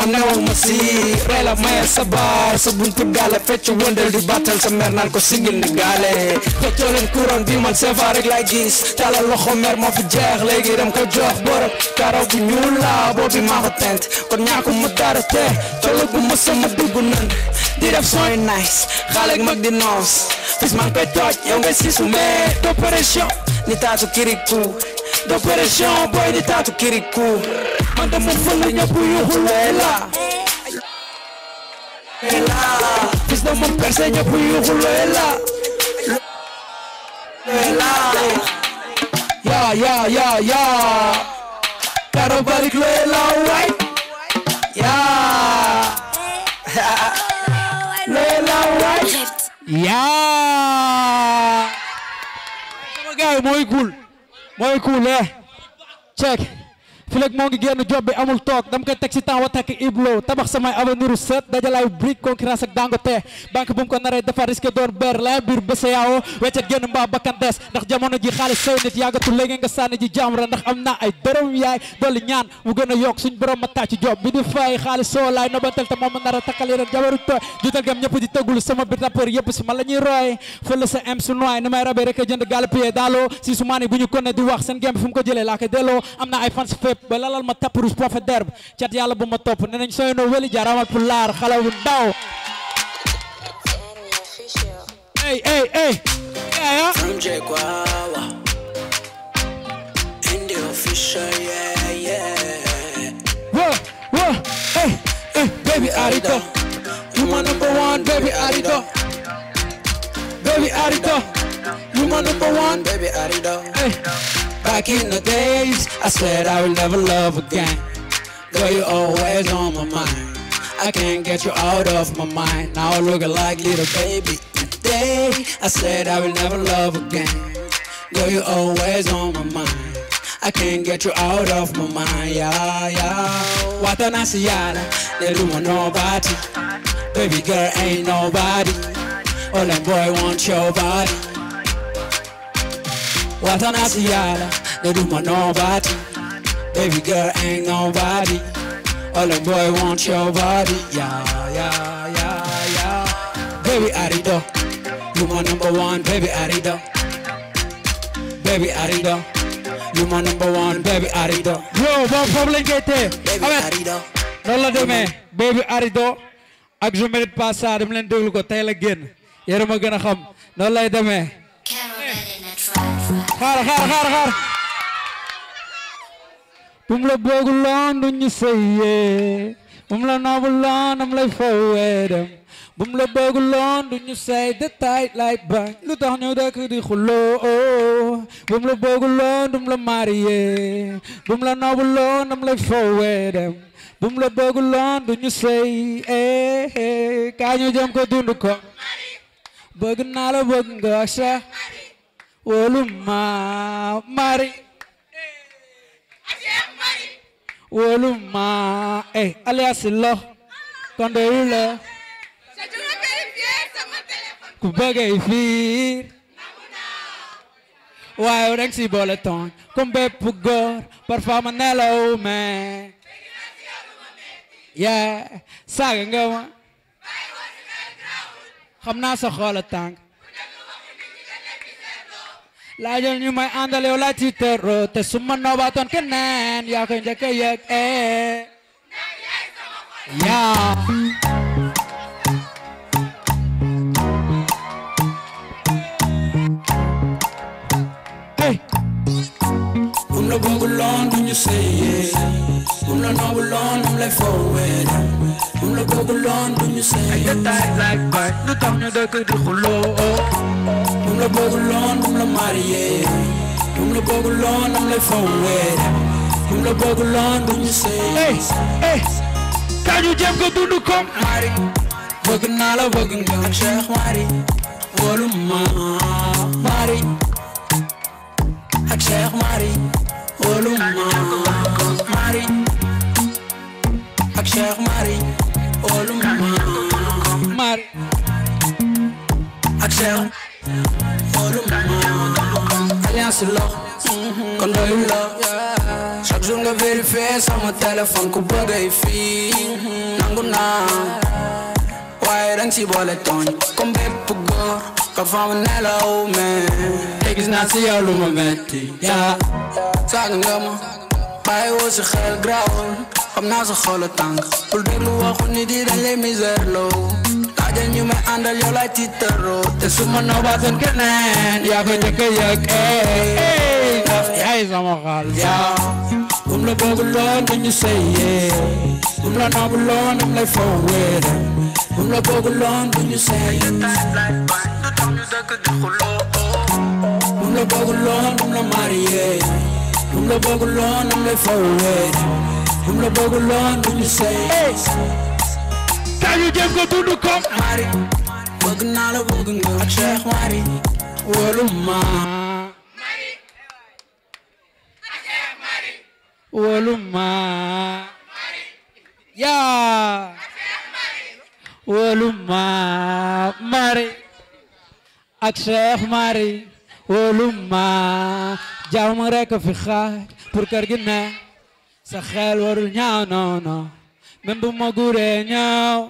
ma neew ma si rey la sa baar sa buntu gaale fecc wëndal di bàtt wàccal sa mer naan ko sigil ni gaale jox coo courant bi man seefa rek laay gis talal loxo mer mo fi jeex léegi dem ko jox bor karaw bu la laa boobi maa ko tent kon ñaaku mu dara te colo gu ma sama dugg nan di def sooy nice xale ak mag di noos fis man koy tooj yow ngay siisu mais d'opération ni taatu kiriku d'opération boy ni taatu kiriku man dama fëng bu yuuxu leela leela gis looy la yaa yaa yaa yaa Caro Barrick looy la waay yaa looy la waay yaa mooy cool mooy cool eh check fileeg mo ngi génn anu bi amul tok dam koy tek ci temps wa tekk iblo tabax sama avenir set dajalaayu brick concurrence ak Dangote bank bu ko naree dafa risque doon ber la be sayaw weccet genn mba bakkan des ndax jamono ji xaliss say nit yagatu legi nga sanni ji jamra ndax amna ay dërëm yaay doli ñaan mu gëna yok suñu borom ma tàcc job bi di fay xaliss so lay nobatal ta mom ma takal yeen jabaru to juutal gam ñepp di teggul sama bir rapper yëpp si ma la roy fële sa m su noy numay rabé rek jënd galpier dalo si sumani buñu ñu konne di wax sen gem fu ko jëlé la ka delloo amna ay fans fépp balalal ma tapp rouge prophète d'herbe cat yàlla bu ma topp ne no wëli ja ramal pu laar xale ndaw ey ey ey yeah from Jekwawa in the official yeah yeah whoa whoa hey hey baby Arito you my number one baby Arito baby Arito you my number one baby Arito hey Back in the days, I said I would never love again. Girl, you're always on my mind. I can't get you out of my mind. Now I look like little baby. Today, I said I would never love again. Girl, you're always on my mind. I can't get you out of my mind, yeah, yeah. What Wata nasiana, they do want nobody. Baby girl ain't nobody. All them boy want your body. What an asiala, they do my nobody. Baby girl ain't nobody. All the boy want your body, yeah, yeah, yeah, yeah. Baby Arido, you my number one, baby Arido. Baby Arido, you my number one, baby Arido. Yo, bon problème get there. Baby Arido. Nolla deme, baby Arido. Ak je mérite pas ça, dem len deglu ko tay la genn. Yérama gëna xam. Nolla me. xaar xaar xaar xaar la bëgguloon du ñu sëyee bum la naabuloon am du ñu sëy détail lay bañ lu tax ñu dëkk di xuloo bum la bëgguloon bum la naabuloon am du ñu sëy kaa ñu jëm dund ko bëgg naa la bëgg ஒலும்மா mari ஒலும்மா eh alias lo kondo ulo kubagai fir Wah orang si boleton, kumbe pugor, performa nela o Yeah, saga ngawa. Kamna sa Layan you my andale ola chitero te summa no baton kenen ya khen ja ke yek e ya Hey Umlo bongulon do you say yeah Umlo no bulon umle forward Umlo bongulon do you say I get that like but no tong yo do ku du kholo la bëgguloon du mu la marié du mu la bëgguloon du mu lay fowee du mu la bëgguloon hey hey kañu jéem ko dundu kom mari bëgg naa la bëgg nga Mari wóolu ma mari ak Cheikh Mari wóolu ma mari ak Cheikh Mari wóolu ma mari ak Cheikh. Quand eu là Chaque jour je vérifie sur mon téléphone Coupe de fille Nanguna Ouais, rien si bon les tons Comme bébé pour gore Quand femme n'est là où mais Ja, qu'ils n'a si y'a l'eau me metti Ya Pai wo si xel graon Xam Pour You your light, the The road. Agen ju me andal yow lay yeah, te suma noobaatoon keneen yaa ko jëkk yëg eey yaay sama xaal yaa um la bëgguloon du ñu sëyee um la noobuloon um lay fowee de um la bëgguloon du ñu sëyee um la bëgguloon not alone, I'm like bëgguloon um lay fowee um la bëgguloon you say sëyee kaa ñu jéem ko tudd ko mari bëgg naa la bëgg nga Cheikh Mari wóolu mari ak Cheikh Mari wóolu ma mari yaa ma mari ak Cheikh Mari wóolu ma jàmm rekk fi xaar pour kër gi ne sa xel gënduma gure ñaaw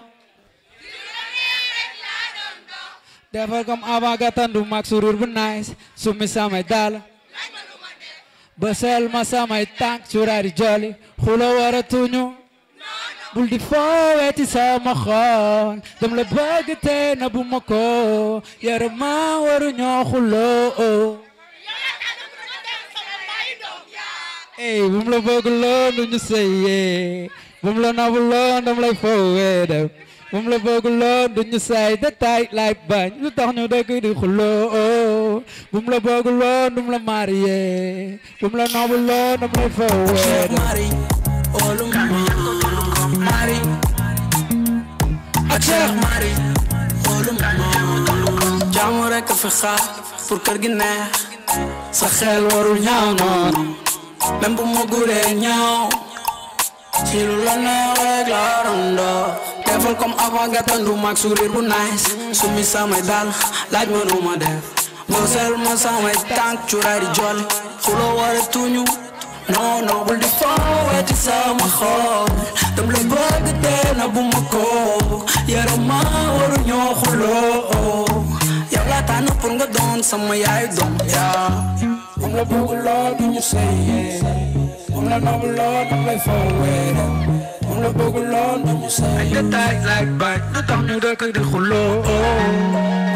defar comme avant gàttandu mag surur bu nice summi samay dal bësal ma samay tànk curaari joli xula waratuñu bul di fooweti sama xol dam la bëgg te na bu ma ko yara ma waru ñoo xuloo ey bu mu la bëgg loonu ñu sëyee moom la nawuloon dama lay foowee dem moom la bëgguloon duñu say détail lay bañ lu tax ñu dëkk di xuloo moom la bëgguloon dum la marié moom la nawuloon dama lay foowee dem jaamu rekk fi xaar pour kër gi neex sa xel warul ñaaw noonu même bu ma guree ñaaw Silulana reglaron da Devil kom avant-garde du mag sourire bu nice Sumi my dal laaj my lu ma def Mo ma my tànk of di jolli Xuloo wara tuñu non non bul di foo weeti sama xool Dam la bëgg te na bu ma ko Yaram ma waru ñoo xuloo Yow laa tànn pour nga doon sama yaay doom yaa Am la i nobulon, not forward Una bogulon, we say I get tags like back No i I'm da kag di khulo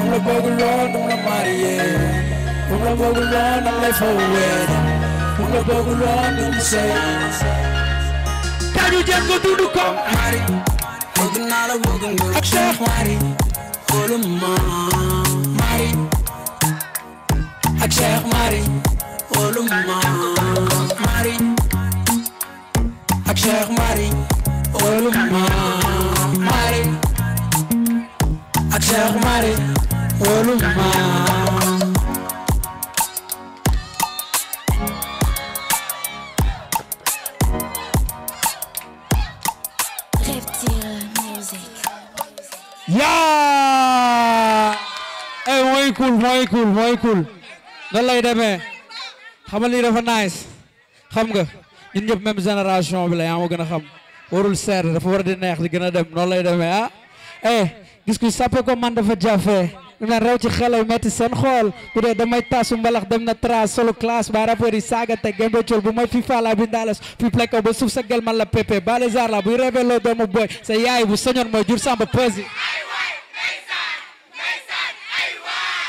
Una bogulon, una marie Una bogulon, we forward Una bogulon, we say Taju jen go tudu kom Mari Ogun ala wogun go Aksha Mari Olumma Mari Aksha Mari Olumma a k c h e i k h Marie, olma m a r i ak c h e i k h m a Reptile m u s y e a y v e y cool, very cool, v e y cool. Nalai dame. Hamali rafa nice. Hamga. ñun ñëpp même génération bi la yaa ma gën a xam warul seer dafa war di neex di gën a dem noonu lay demee ah eh gis ku sàppe ko man dafa jafe ñu naan ci xelaw metti seen xool bu dee damay tasu mbalax dem na tras solo classe ba rapport yi saaga te gembe col bu may fi faala bi ndaalas fi vous ba suuf sa gel man la pepe bale zaar la buy révéloo doomu booy sa yaay bu soñoon mooy jur samba pesi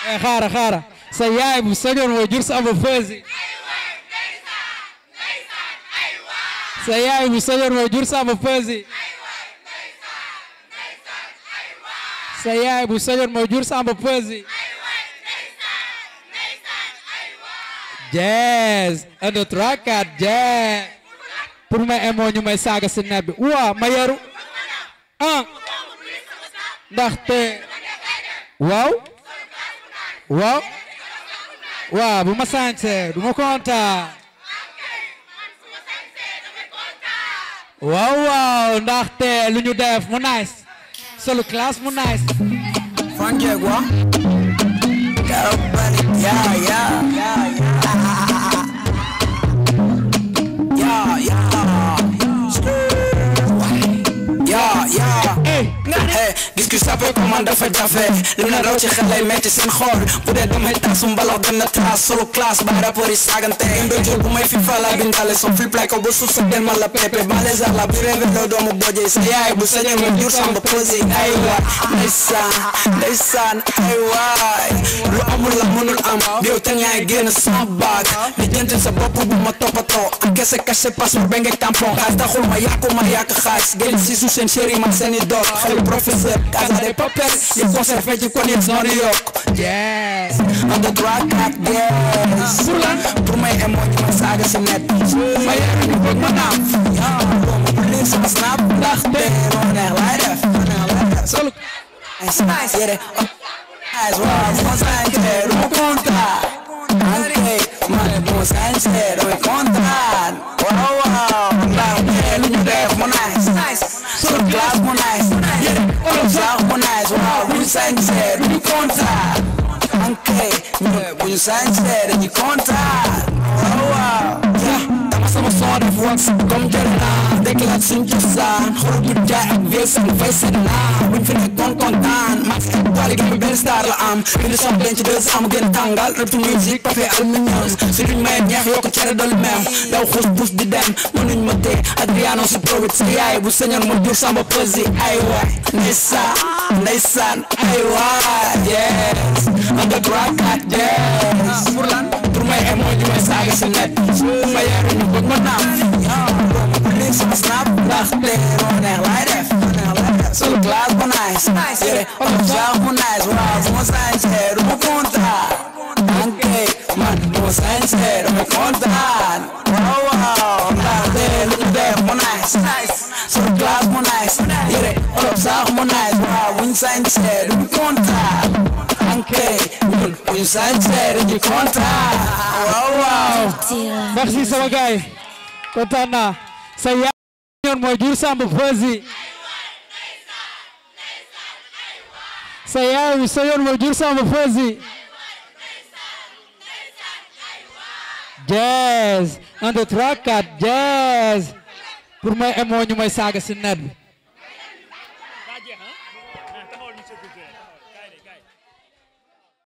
eh xaara xaara sa yaay bu soñoon mooy jur samba pesi sa yaay mi sa jur sama fësi sa yaay bu sañoon moo jur samba pësi jazz si net waa ma yaru ah ndaxte waaw waaw bu ma sañse du ma kontaan waaw waaw ndaxte lu ñu def mu nice solo classe mu nice fanke hey gis ki sape ko man dafa jafe li na raw ci xelay metti seen xool bu dee dem hel taas mbalax dem na taas solo classe ba ma la pepe ba les ala bi rêve lo doomu boje sa yaay bu sañoon ma jur samba posé ay sa baag di jëntil sa bopp bu ma toppatoo ak kese kese passe ma benge tampon xaas taxul ma yàqu ma yàq xaas génn si su seen chéri ma seen i doog soy profesor, casa de papel Y cosa fecha con de sonrioco Yes, on the drug track, yes Por mim é muito mais saga sem net Mas é que vou mandar Como polícia, mas na verdade Pero on that lighter, on that lighter Solo Nice, nice, yeah, oh As well, vamos a querer un contra Antes, mano, vamos a querer un Bujisanze, bijikonta Anke, bujisanze, bijikonta Oh wow, yeah, tamasama sort of works, come get it now dekk la suñ cosaan xur bu jaay ak veesan veesan naa buñ fi nekkoon kontaan max ak boole gi benn star la am ñu di soog denc deux am gën tàngal rëpp musique papier aluminium suñu may neex yokk cere dol daw xus bus di dem mënuñ ma tee Adriano si prowit si yaay bu señoon mu diw samba pësi ay waay ndeysaan ndeysaan ay waay yes on the track at yes pour lan pour may emoji may saaga si net ma yeeru ñu bëgg ma naam sama snap ndax tey lu ma neex laay def lu ma neex laay def solo classe bu nice yére oto jaax bu nice waaw bu ma sañsee du ma kontaan anke man bu ma sañsee du ma kontaan waaw waaw ndax tey lu ma def bu nice solo classe bu nice yére oto jaax bu nice waaw bu ñu sañsee du ma kontaan anke man bu ñu sañsee du ma kontaan waaw waaw merci sama gars yi kontaan naa Senhor, moj dirsa mu fazi. Senhor, Senhor, moj dirsa mu fazi. Jazz, ando troca, jazz. Por uma é monho, saga, se assim, né,